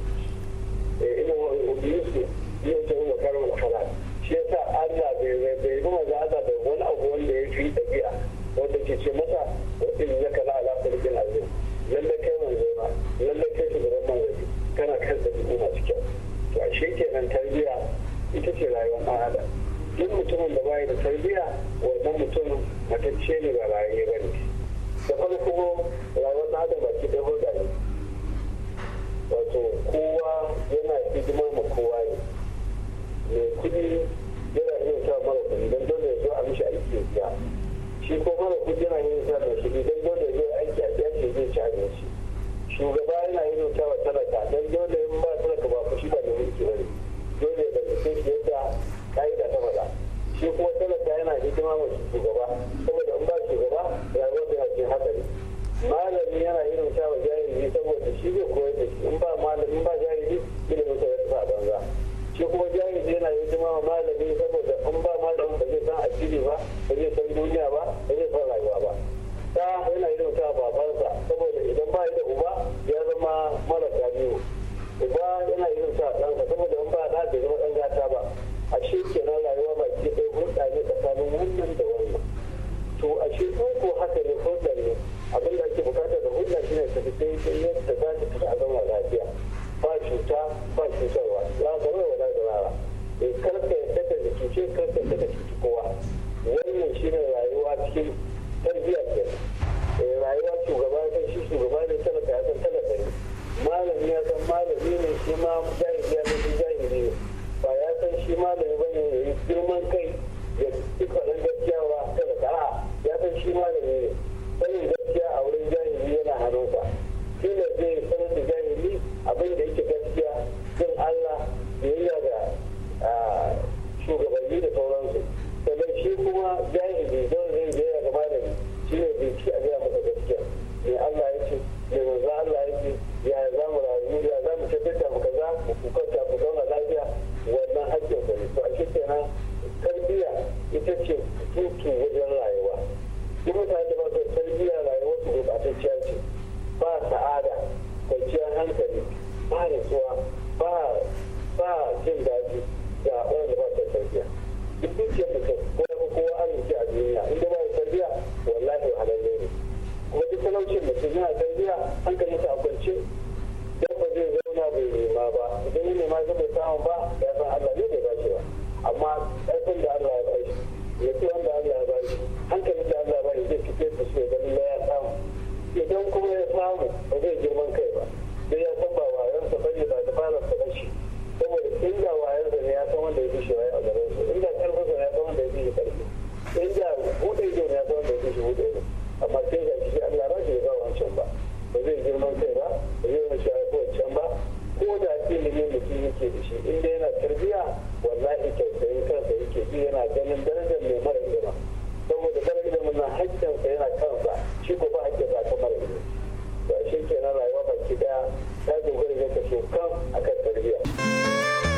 ne ina wa ubiyusu yau ta wa karin wahala shi yasa Allah bai bai bai kuma za da wani abu wanda ya fi ɗabi'a wanda ke ce masa wa in ya kala ala kulkin azim lalle kai manzo na lalle kai shugaban manzo kana kan ɗabi'u masu kyau to ashe kenan tarbiyya ita ce rayuwar ɗan duk mutumin da bayi da tarbiyya wannan mutum matacce ne ba raye ba ne da farko rayuwar na aka baki da hulɗa ne wato kowa yana hidima ma kowa ne mai kuɗi yana iya sa mara kuɗi don dole ya zo a mishi aiki ya biya shi ko mara kuɗi yana yin sa da kuɗi don dole ya zo aiki a biya shi zai ci abinci shugaba yana yin sa wa talaka don dole in ba talaka ba ku shi ba da mulki ba ne dole ya zama sai yadda ka'ida ta faɗa shi kuma talaka yana hidima ma shugaba saboda in ba shugaba rayuwar da cikin hatsari malami yana irin ta wa jahili saboda shi zai koyar da shi in ba malami ba jahili ilimin sa ya tafi a banza shi kuma jahili yana hidima ma malami saboda in ba malami ba zai san addini ba ba zai san duniya ba ba zai san rayuwa ba ta yana irin ta babansa saboda idan ba da uba ya zama mara biyu uba yana irin ta ɗansa saboda in ba ɗa bai zama ɗan gata ba ashe kenan rayuwa ba ke ɗaya hulɗa ne tsakanin wannan da wannan to ashe ko ko haka ne hulɗa ne abin da ake bukata da hulɗa shi ne ta fi daidai yadda za ta fita a zama lafiya ba cuta ba cutarwa ka zama wa da rara eh, karfe karka ta ka ce karfe yadda ta cuci kowa wannan shi ne rayuwa cikin tarbiyya e rayuwa shugaba ne shi shugaba ne talaka ya san talaka ne malami ya san malami ne shi ma jahiliya ne shi jahiliya ne ba ya san shi malami ba ya yi girman kai ya fi faɗin gaskiya ba ta da ƙara ya san shi da ne sanin gaskiya a wurin jahili yana hannunsa shi ne zai sanar da jahili abin da yake gaskiya bin Allah biyayya ga shugabanni da sauransu sannan shi kuma jahili don zai biyayya ga malami shi ne bai ci a gaya masa gaskiya me Allah ya ce me manzo Allah ya ce ya za mu rayu ya za mu tabbata mu kaza mu kwanta mu zauna lafiya wannan hakkin ku ne to ashe kenan tarbiyya ita ce tutu wajen rayuwa duk mutane da ba su tarbiyya rayuwar su gurɓatacciya ce ba sa'ada kwanciyar hankali ba nutsuwa ba ba jin daɗi ga wanda ba su tarbiyya duk dukiyar mutum ce mutum yana tarbiyya hankali a kwance dan ba zai zauna bai nema ba idan ya nema zai bai samu ba ya san Allah ne bai bashi ba amma ƙarfin da Allah ya bashi ya ce wanda Allah ya bashi hankali da Allah ya bashi zai fice su shi ganin ya samu idan kuma ya samu ba zai girman kai ba dai ya san ba wayansa bane ba da fara sa bashi saboda inda sa ne ya san wanda ya fi shi wayan a gaban su inda ƙarfinsa ne ya san wanda ya fi shi ƙarfi inda buɗe ne ya san wanda ya fi shi buɗe ne amma sai ga shi Allah ba zai ba wancan ba ba zai girma kai ba ba zai yi shi aiko wancan ba ko da ilimin mutum yake da shi in inda yana tarbiya wallahi ka kansa yake ji yana ganin darajar mai mara girma saboda mara ilimin nan haƙƙinsa yana kansa shi ko ba haƙƙinsa ta mara girma to shi kenan rayuwa ki daya ta dogara ga kaso kan akan tarbiya.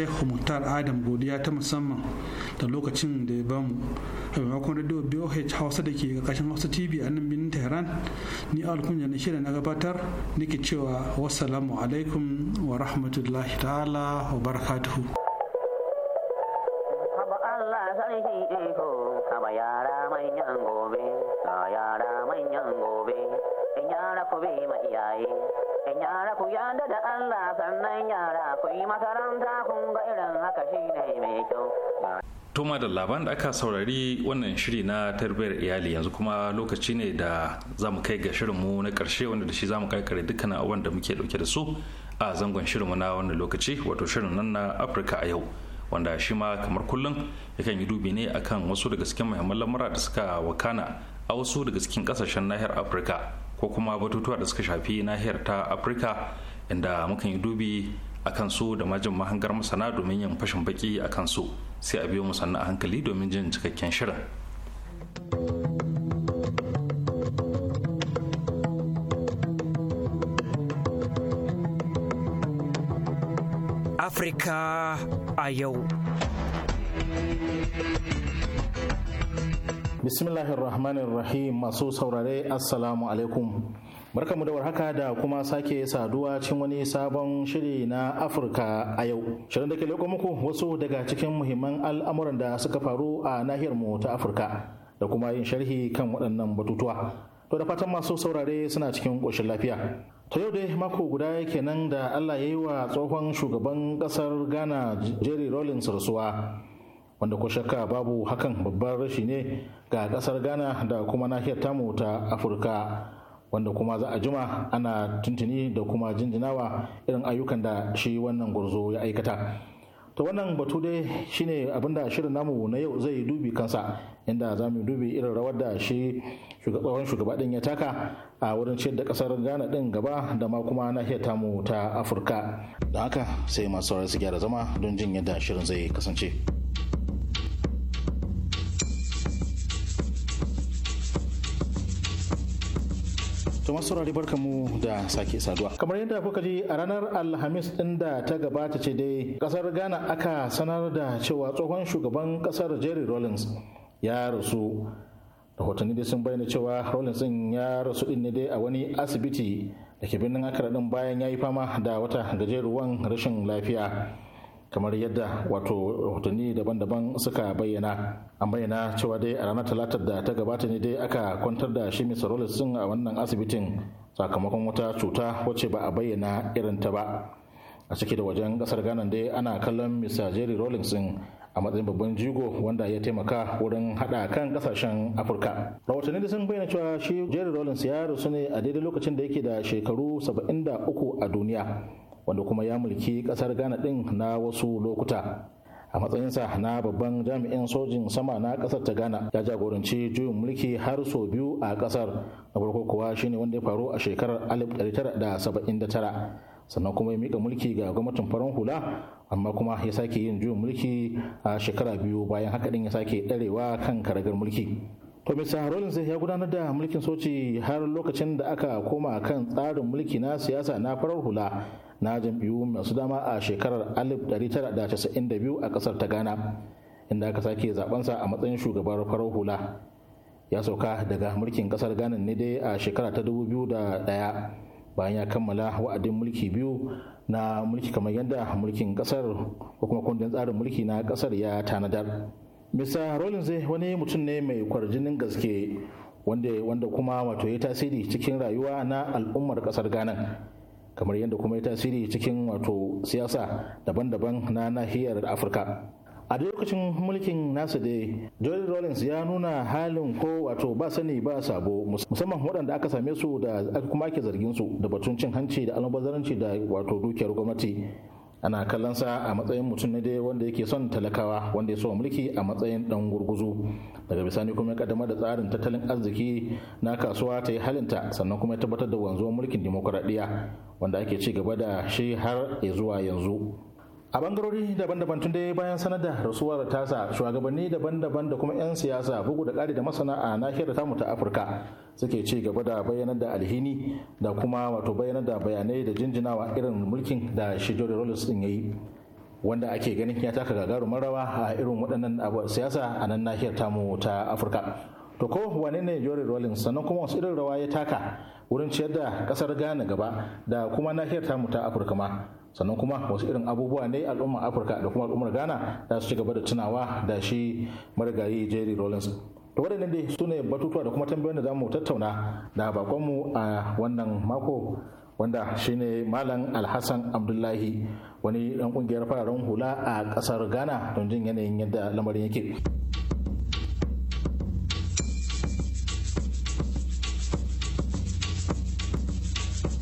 sheikh mutar adam godiya ta musamman da lokacin da ya bamu a maimakon radio boh hausa da ke ƙarƙashin hausa tv a nan birnin tehran ni alkunya na shirin na gabatar nake cewa wassalamu alaikum wa rahmatullahi ta'ala wa barakatuhu yara yara manyan gobe, in ku bi ma iyaye, yara ku yarda da Allah sannan yara ku yi makaranta kun ga irin haka ne mai kyau. Toma da labaran da aka saurari wannan shiri na tarbiyyar iyali yanzu kuma lokaci ne da za mu kai ga shirinmu na karshe wanda da shi za mu kai dukkan abubuwan da muke dauke da su a zangon shirinmu na wannan lokaci wato shirin nan na Afirka a yau. wanda shi ma kamar kullum yakan yi dubi ne akan wasu daga cikin muhimman lamura da suka wakana a wasu daga cikin kasashen nahiyar afirka ko kuma batutuwa da suka shafi nahiyar ta afirka inda muka yi dubi a su da majin mahangar masana domin yin fashin baki a su sai a biyo mu a hankali domin jin cikakken shirin Afirka a yau. Bismillahirrahmanirrahim masu saurare Assalamu alaikum. Barkamu da warhaka da kuma sake saduwa cikin wani sabon shiri na Afirka a yau. Shirin da ke leƙo muku wasu daga cikin muhimman al'amuran da suka faru a nahiyar mu ta Afirka da kuma yin sharhi kan waɗannan batutuwa. To da fatan masu saurare suna cikin ƙoshin lafiya. ta yau dai mako guda kenan da Allah ya yi wa tsohon shugaban ƙasar Ghana Jerry Rawlings rasuwa. wanda ko shakka babu hakan babban rashi ne ga kasar ghana da kuma nahiyar tamu ta afirka wanda kuma za a juma ana tuntuni da kuma jinjinawa irin ayyukan da shi wannan gwarzo ya aikata ta wannan batu dai shine abinda shirin namu na yau zai dubi kansa inda za mu dubi irin rawar da shi shugaban shugaba din ya taka a wurin ciyar da kasar ghana din gaba da ma kuma nahiyar tamu ta afirka da haka sai masu su gyara zama don jin yadda shirin zai kasance. to masu saurari mu da sake saduwa kamar yadda kuka ji a ranar alhamis din da ta gabata ce dai kasar ghana aka sanar da cewa tsohon shugaban kasar jerry rollins ya rasu rahotanni dai sun bayyana cewa rollins din ya rasu din ne dai a wani asibiti da ke birnin akara din bayan ya yi fama da wata gajeruwan rashin lafiya kamar yadda wato rahotanni daban-daban suka bayyana an bayyana cewa dai a ranar talatar da ta gabata ne dai aka kwantar da shi mr rollins sun a wannan asibitin sakamakon wata cuta wacce ba a bayyana irin ta ba a ciki da wajen kasar ghana dai ana kallon mr jerry rollins a matsayin babban jigo wanda ya taimaka wurin hada kan kasashen afirka rahotanni da sun bayyana cewa shi jerry rollins ya rasu ne a daidai lokacin da yake da shekaru 73 a duniya wanda kuma ya mulki kasar ghana din na wasu lokuta a matsayinsa na babban jami'in sojin sama na kasar ta ghana ya jagoranci juyin mulki har sau biyu a kasar na farko kuwa shine wanda ya faru a shekarar 1979 sannan kuma ya mika mulki ga gwamnatin farin hula amma kuma ya sake yin juyin mulki a shekara biyu bayan haka din ya sake ɗarewa kan karagar mulki Kwamisa Rollins ya gudanar da mulkin soci har lokacin da aka koma kan tsarin mulki na siyasa na farar hula na jam'iyyu masu dama a shekarar 1992 a kasar ta Ghana inda aka sake zabensa a matsayin shugabar farar hula. Ya sauka daga mulkin kasar Ghana ne dai a shekara ta 2001 bayan ya kammala wa'adin mulki biyu na mulki kamar yadda mulkin kasar ko kuma kundin tsarin mulki na kasar ya tanadar. mr rollins wani mutum ne mai kwarjinin gaske wanda kuma wato ya tasiri cikin rayuwa na al'ummar kasar ghana kamar yadda kuma ya tasiri cikin wato siyasa daban-daban na nahiyar afirka a lokacin mulkin nasa dai joel rollins ya nuna halin ko wato ba sani ba sabo musamman waɗanda aka same su da kuma ake zargin su da batun cin hanci da albazaranci da wato dukiyar gwamnati ana kallon sa a matsayin mutum ne dai wanda yake son talakawa wanda ya so mulki a matsayin dan gurguzu daga bisani kuma ya kaddamar da tsarin tattalin arziki na kasuwa ta yi halinta sannan kuma ya tabbatar da wanzuwar mulkin dimokuraɗiyya wanda ake ci gaba da shi har zuwa yanzu a bangarori daban-daban tun dai bayan sanar da rasuwar tasa shugabanni daban-daban da kuma 'yan siyasa bugu da ƙari da masana a nahiyar tamu ta afirka suke ci gaba da bayanar da alhini da kuma wato bayanar da bayanai da jinjinawa irin mulkin da shijori rollins din yayi wanda ake ganin ya taka gagarumar rawa a irin waɗannan siyasa a nan nahiyar tamu ta afirka to ko wane ne jori Rollins sannan kuma wasu irin rawa ya taka wurin ciyar da kasar Ghana gaba da kuma nahiyar tamu ta Afirka ma sannan kuma wasu irin abubuwa ne al'ummar afirka da kuma al'ummar ghana za su ci gaba da tunawa da shi marigayi jerry rollins to waɗannan dai su ne batutuwa da kuma tambayoyin da za mu tattauna da bakonmu a wannan mako wanda shine malam alhassan abdullahi wani ɗan ƙungiyar fararen hula a ƙasar ghana don jin yanayin yadda lamarin yake.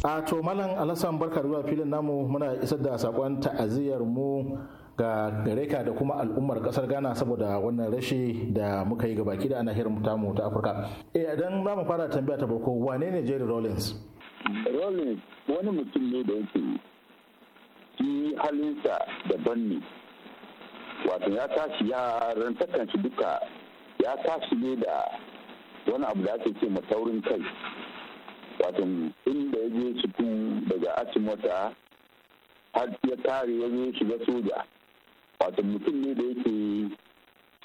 a to malam alasan barka filin namu muna isar da sakon ta'aziyar mu ga gare ka da kuma al'ummar kasar ghana saboda wannan rashi da muka yi gabaki da nahiyar tamu ta afirka eh dan za mu fara tambaya ta farko wane ne jerry rollins rollins wani mutum ne da yake yi halinsa daban ne wato ya tashi ya rantakan shi duka ya tashi ne da wani abu da ake ce masaurin kai wato in ya je cikin daga asimota har ya kare wani shiga soja wato mutum ne da yake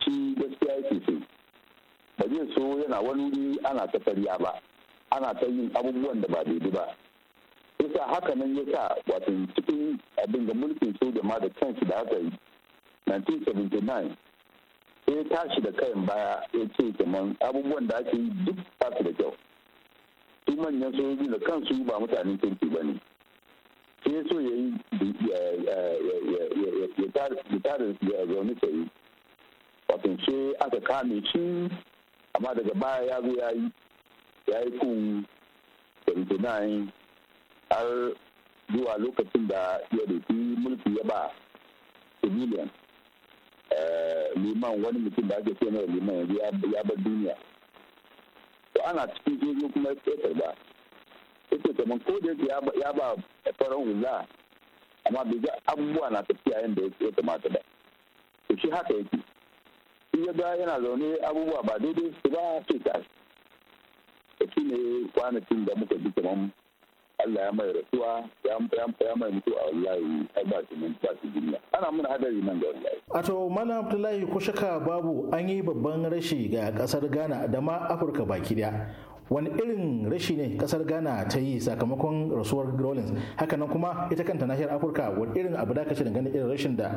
shi gaskiya yake so ba zai so yana wani wuri ana ta ba ana ta yin abubuwan da ba daidai ba yasa haka nan yasa wato cikin abin da mulkin soja ma da kansu da haka yi 1979 sai tashi da kayan baya ya ce kaman abubuwan da ake yi duk ba da kyau su manyan sojoji da kansu ba mutanen kirki ba ne sai so ya yi ya tara ya zaune wato aka kame shi amma daga baya ya zo ya yi ya yi kun 29 har zuwa lokacin da ya rufi mulki ya ba civilian eh, liman wani mutum da ake ce mai liman ya bar duniya to ana cikin jirgin kuma ya karba yake kamar ko da yake ya ba farar hula a bai na tafiya yadda ya kamata ba to shi haka yake ihe ya ga yana zaune abubuwa ba daidai su ba sai tashi Allah ya mai rasuwa ya mai mutu a wallahi ai ba shi ba shi duniya ana mun hadari nan ga wallahi a to malam Abdullahi ko shaka babu an yi babban rashi ga kasar Ghana da ma Afirka baki daya wani irin rashi ne kasar ghana ta yi sakamakon rasuwar rollins hakanan kuma ita kanta nahiyar afirka wani irin abu da kace dangane irin rashin da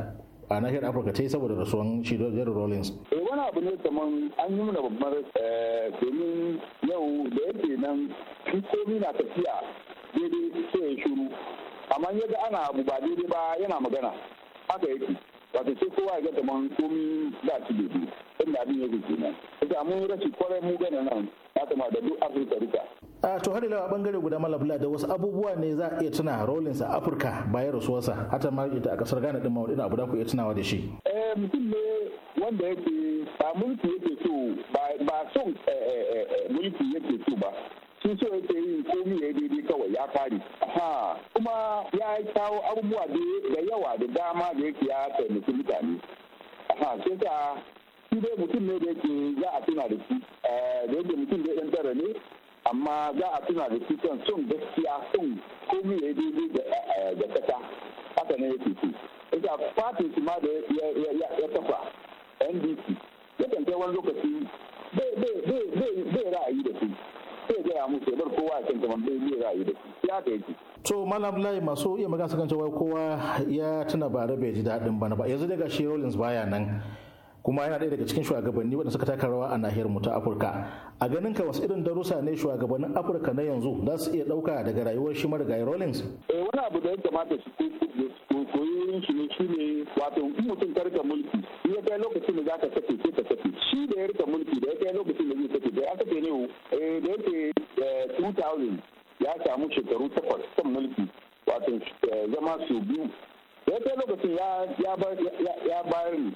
a nahiyar afirka ta yi saboda rasuwar shi jerry rollins eh, wani abu ne kaman an yi mana babban eh, domin yau da yake nan shi komi na tafiya daidai sai ya shiru amma yadda ana abu ba daidai ba yana magana haka yake wato sai kowa ya gata man komi za su daidai inda abin yake kenan sai mun rashin kwarai mu gana nan ya kama da duk afirka duka a to har ila bangare guda malabla da wasu abubuwa ne za a iya tuna rollins a afirka bayan rasuwarsa hata ma ita a kasar ghana din ma wani abu da ku iya tunawa da shi eh mutum ne wanda yake ba mulki yake so ba son eh, eh, eh, mulki yake so ba sun so yake yi komi ya daidai kawai ya fari ha kuma ya kawo abubuwa da yawa da dama da yake ya taimaki mutane ha sai ka shi dai mutum ne da yake za a tuna da shi eh, da yake mutum da yan tara ne amma za a tuna da shi kan son gaskiya son komi ya daidai da kasa eh, haka ne yake ce ka fatin shi ma da ya tafa ndc ya kai wani lokaci bai ra'ayi da su sai gaya musu ya bar kowa ya kanta za ya ra'ayi da shi haka yake to malam lai masu iya magana su cewa kowa ya tuna bare bai ji daɗin bana ba yanzu daga shi rollins baya nan kuma yana ɗaya daga cikin shugabanni waɗanda suka taka rawa a nahiyar mu ta afirka a ganin ka wasu irin darussa ne shugabannin afirka na yanzu za su iya ɗauka daga rayuwar shi marigayi rollins eh, wani abu da ya kamata su koyi shi ne ne wato in mutum ka rika mulki in ya kai lokacin da za ka sake sai ka sake shi da ya rika mulki da ya kai lokacin da zai sake da ya sake ne eh, da yake 2000 eh, ya samu shekaru takwas kan mulki wato zama su biyu ya lokacin ya bar ya bai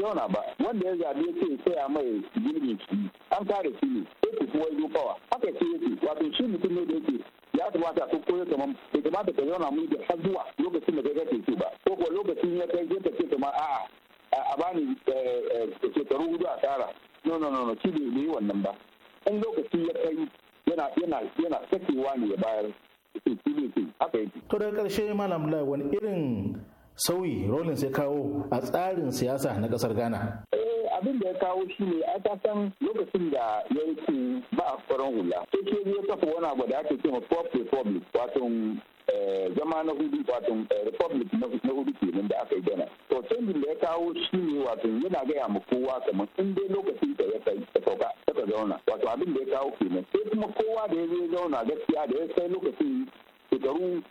zauna ba wanda ya zabi ya ce tsaya mai gini shi an kare shi ne sai ku kuwa yi kawa haka ce yake wato shi mutum ne da yake ya kamata a koyo kamar bai kamata ka zauna mu da har zuwa lokacin da kai kake so ba ko kuwa lokacin ya kai zai ka ce kamar a'a a bani eh, eh, shekaru hudu a tara no no no shi bai yi wannan ba in lokaci ya kai yana yana yana sakewa ne ya bayar To daga ƙarshe Malam Lai wani irin sauyi rolin ya kawo a tsarin siyasa na ƙasar Ghana. Eh, abin da ya kawo shi ne a ka san lokacin da yanki ba a faran hula sai ke ya kafa wani abu da ake cewa pop republic wato zama na hudu wato republic na hudu nan da aka yi gana to canjin da ya kawo shi ne wato yana gaya ma kowa kamar in dai lokacin da ya kai ta sauka ka zauna wato abin da ya kawo nan sai kuma kowa da ya zo zauna gaskiya da ya kai lokacin shekaru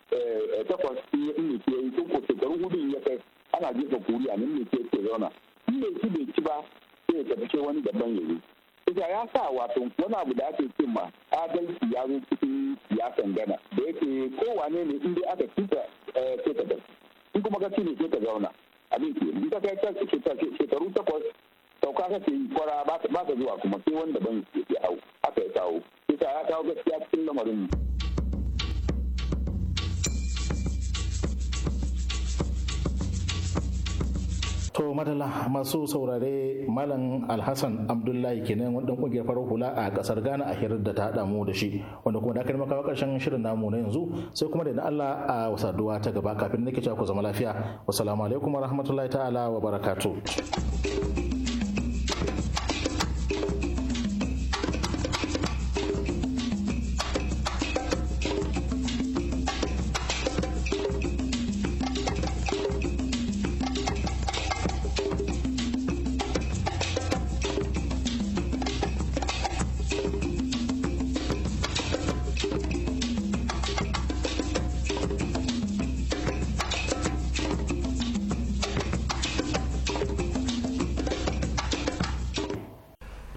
takwas ne ke yi ko shekaru hudu ya kai ana jefa a nan ne ke zauna in bai ci bai ci ba sai ya tafi wani daban ya yi Ita ya sa wato wani abu da ake cin ma adalci ya zo cikin siyasan gana da yake kowane ne in dai aka cika eh, sai ta tafi in kuma ka ne sai ta zauna abin ke in ka kai shekaru takwas sauka kake yi kwara ba ka zuwa kuma sai wani daban ya hau aka ya kawo. Ita ya kawo gaskiya cikin lamarin To madalla masu saurare Malam Alhassan Abdullahi kenan wani kungiyar farar hula a kasar Ghana a hirar da ta mu da shi wanda kuma da aka makawa karshen shirin namu na yanzu sai kuma da na Allah a wasaduwa ta gaba kafin nake cewa ku zama lafiya. Wassalamu alaikum wa rahmatullahi ta'ala wa barakatuh.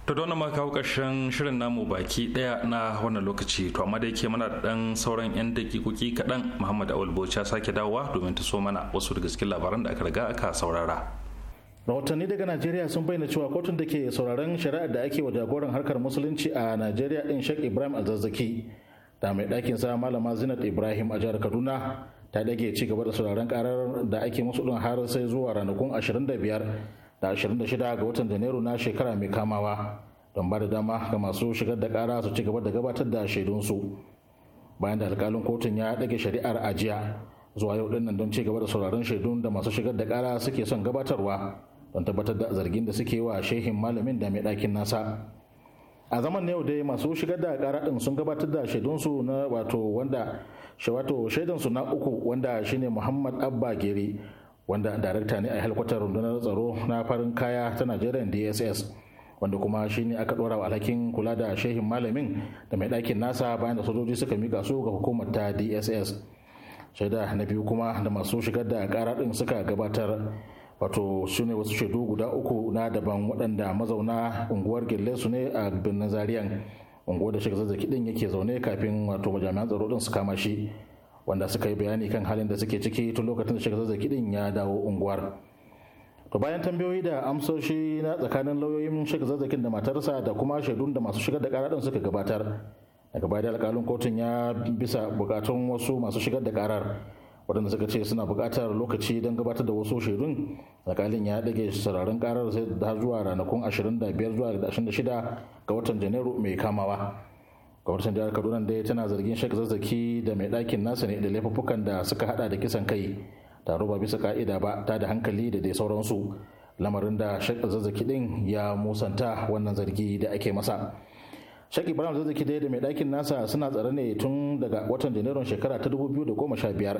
ta don ma kawo karshen shirin namu baki daya na wannan lokaci to amma dai ke mana da ɗan sauran 'yan dakikoki kaɗan muhammad awul bocha sake dawowa domin ta so mana wasu daga cikin labaran da aka riga aka saurara rahotanni daga najeriya sun bayyana cewa kotun da ke sauraron shari'ar da ake wa jagoran harkar musulunci a najeriya din shek ibrahim alzazzaki da mai ɗakin sa malama zinat ibrahim a jihar kaduna ta dage ci gaba da sauraron karar da ake musu din har sai zuwa ranakun 25 da 26 ga watan janairu na shekara mai kamawa don ba da dama ga masu shigar da kara su ci gaba da gabatar da shaidunsu bayan da alkalin kotun ya ɗage shari'ar ajiya zuwa yau dinnan don ci gaba da sauraron shaidun da masu shigar da kara suke son gabatarwa don tabbatar da zargin da suke wa shehin malamin da mai ɗakin nasa a zaman yau dai masu shigar da kara din sun gabatar da shaidunsu na wato wanda shawato shaidansu na uku wanda shine muhammad abba gere wanda darakta ne a halkwatar rundunar tsaro na farin kaya ta Najeriya DSS wanda kuma shi ne aka dora wa alhakin kula da shehin malamin da mai ɗakin nasa bayan da sojoji suka mika su ga hukumar ta DSS shaida na biyu kuma da masu shigar da ƙara din suka gabatar wato su ne wasu shaidu guda uku na daban waɗanda mazauna unguwar gille su ne a birnin zariyan unguwar da shiga zazzaki ɗin yake zaune kafin wato jami'an tsaro ɗin su kama shi wanda suka yi bayani kan halin da suke ciki tun lokacin da shiga zazzaki din ya dawo unguwar to bayan tambayoyi da amsoshi na tsakanin lauyoyin shiga zazzakin da matarsa da kuma shaidun da masu shigar da kara din suka gabatar daga baya da alkalin kotun ya bisa bukatun wasu masu shigar da karar waɗanda suka ce suna buƙatar lokaci don gabatar da wasu shaidun alkalin ya ɗage sararin karar sai da zuwa ranakun 25 zuwa 26 ga watan janairu mai kamawa gwamnatin jihar kaduna dai tana zargin shek zazzaki da mai dakin nasa ne da laifukan da suka hada da kisan kai taro ba bisa ka'ida ba ta da hankali da dai sauransu lamarin da shek zazzaki din ya musanta wannan zargi da ake masa shek ibrahim zazzaki dai da mai ɗakin nasa suna tsare ne tun daga watan janairun shekara ta dubu biyu da goma sha biyar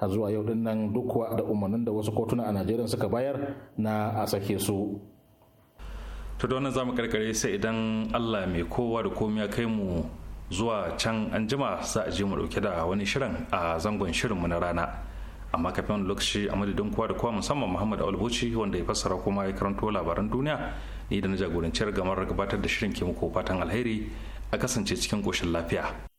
har zuwa yau din nan duk da umarnin da wasu kotuna a najeriya suka bayar na a sake su to da wannan zamu karkare sai idan Allah mai kowa da komai ya kai mu zuwa can an jima za a je mu dauke da wani shirin a zangon shirinmu na rana amma kafin wani lokaci a madadin kowa da kowa musamman muhammad albuci wanda ya fassara kuma ya karanto labaran duniya ni da na jagoranciyar gamar gabatar da shirin ke muku fatan alheri a kasance cikin koshin lafiya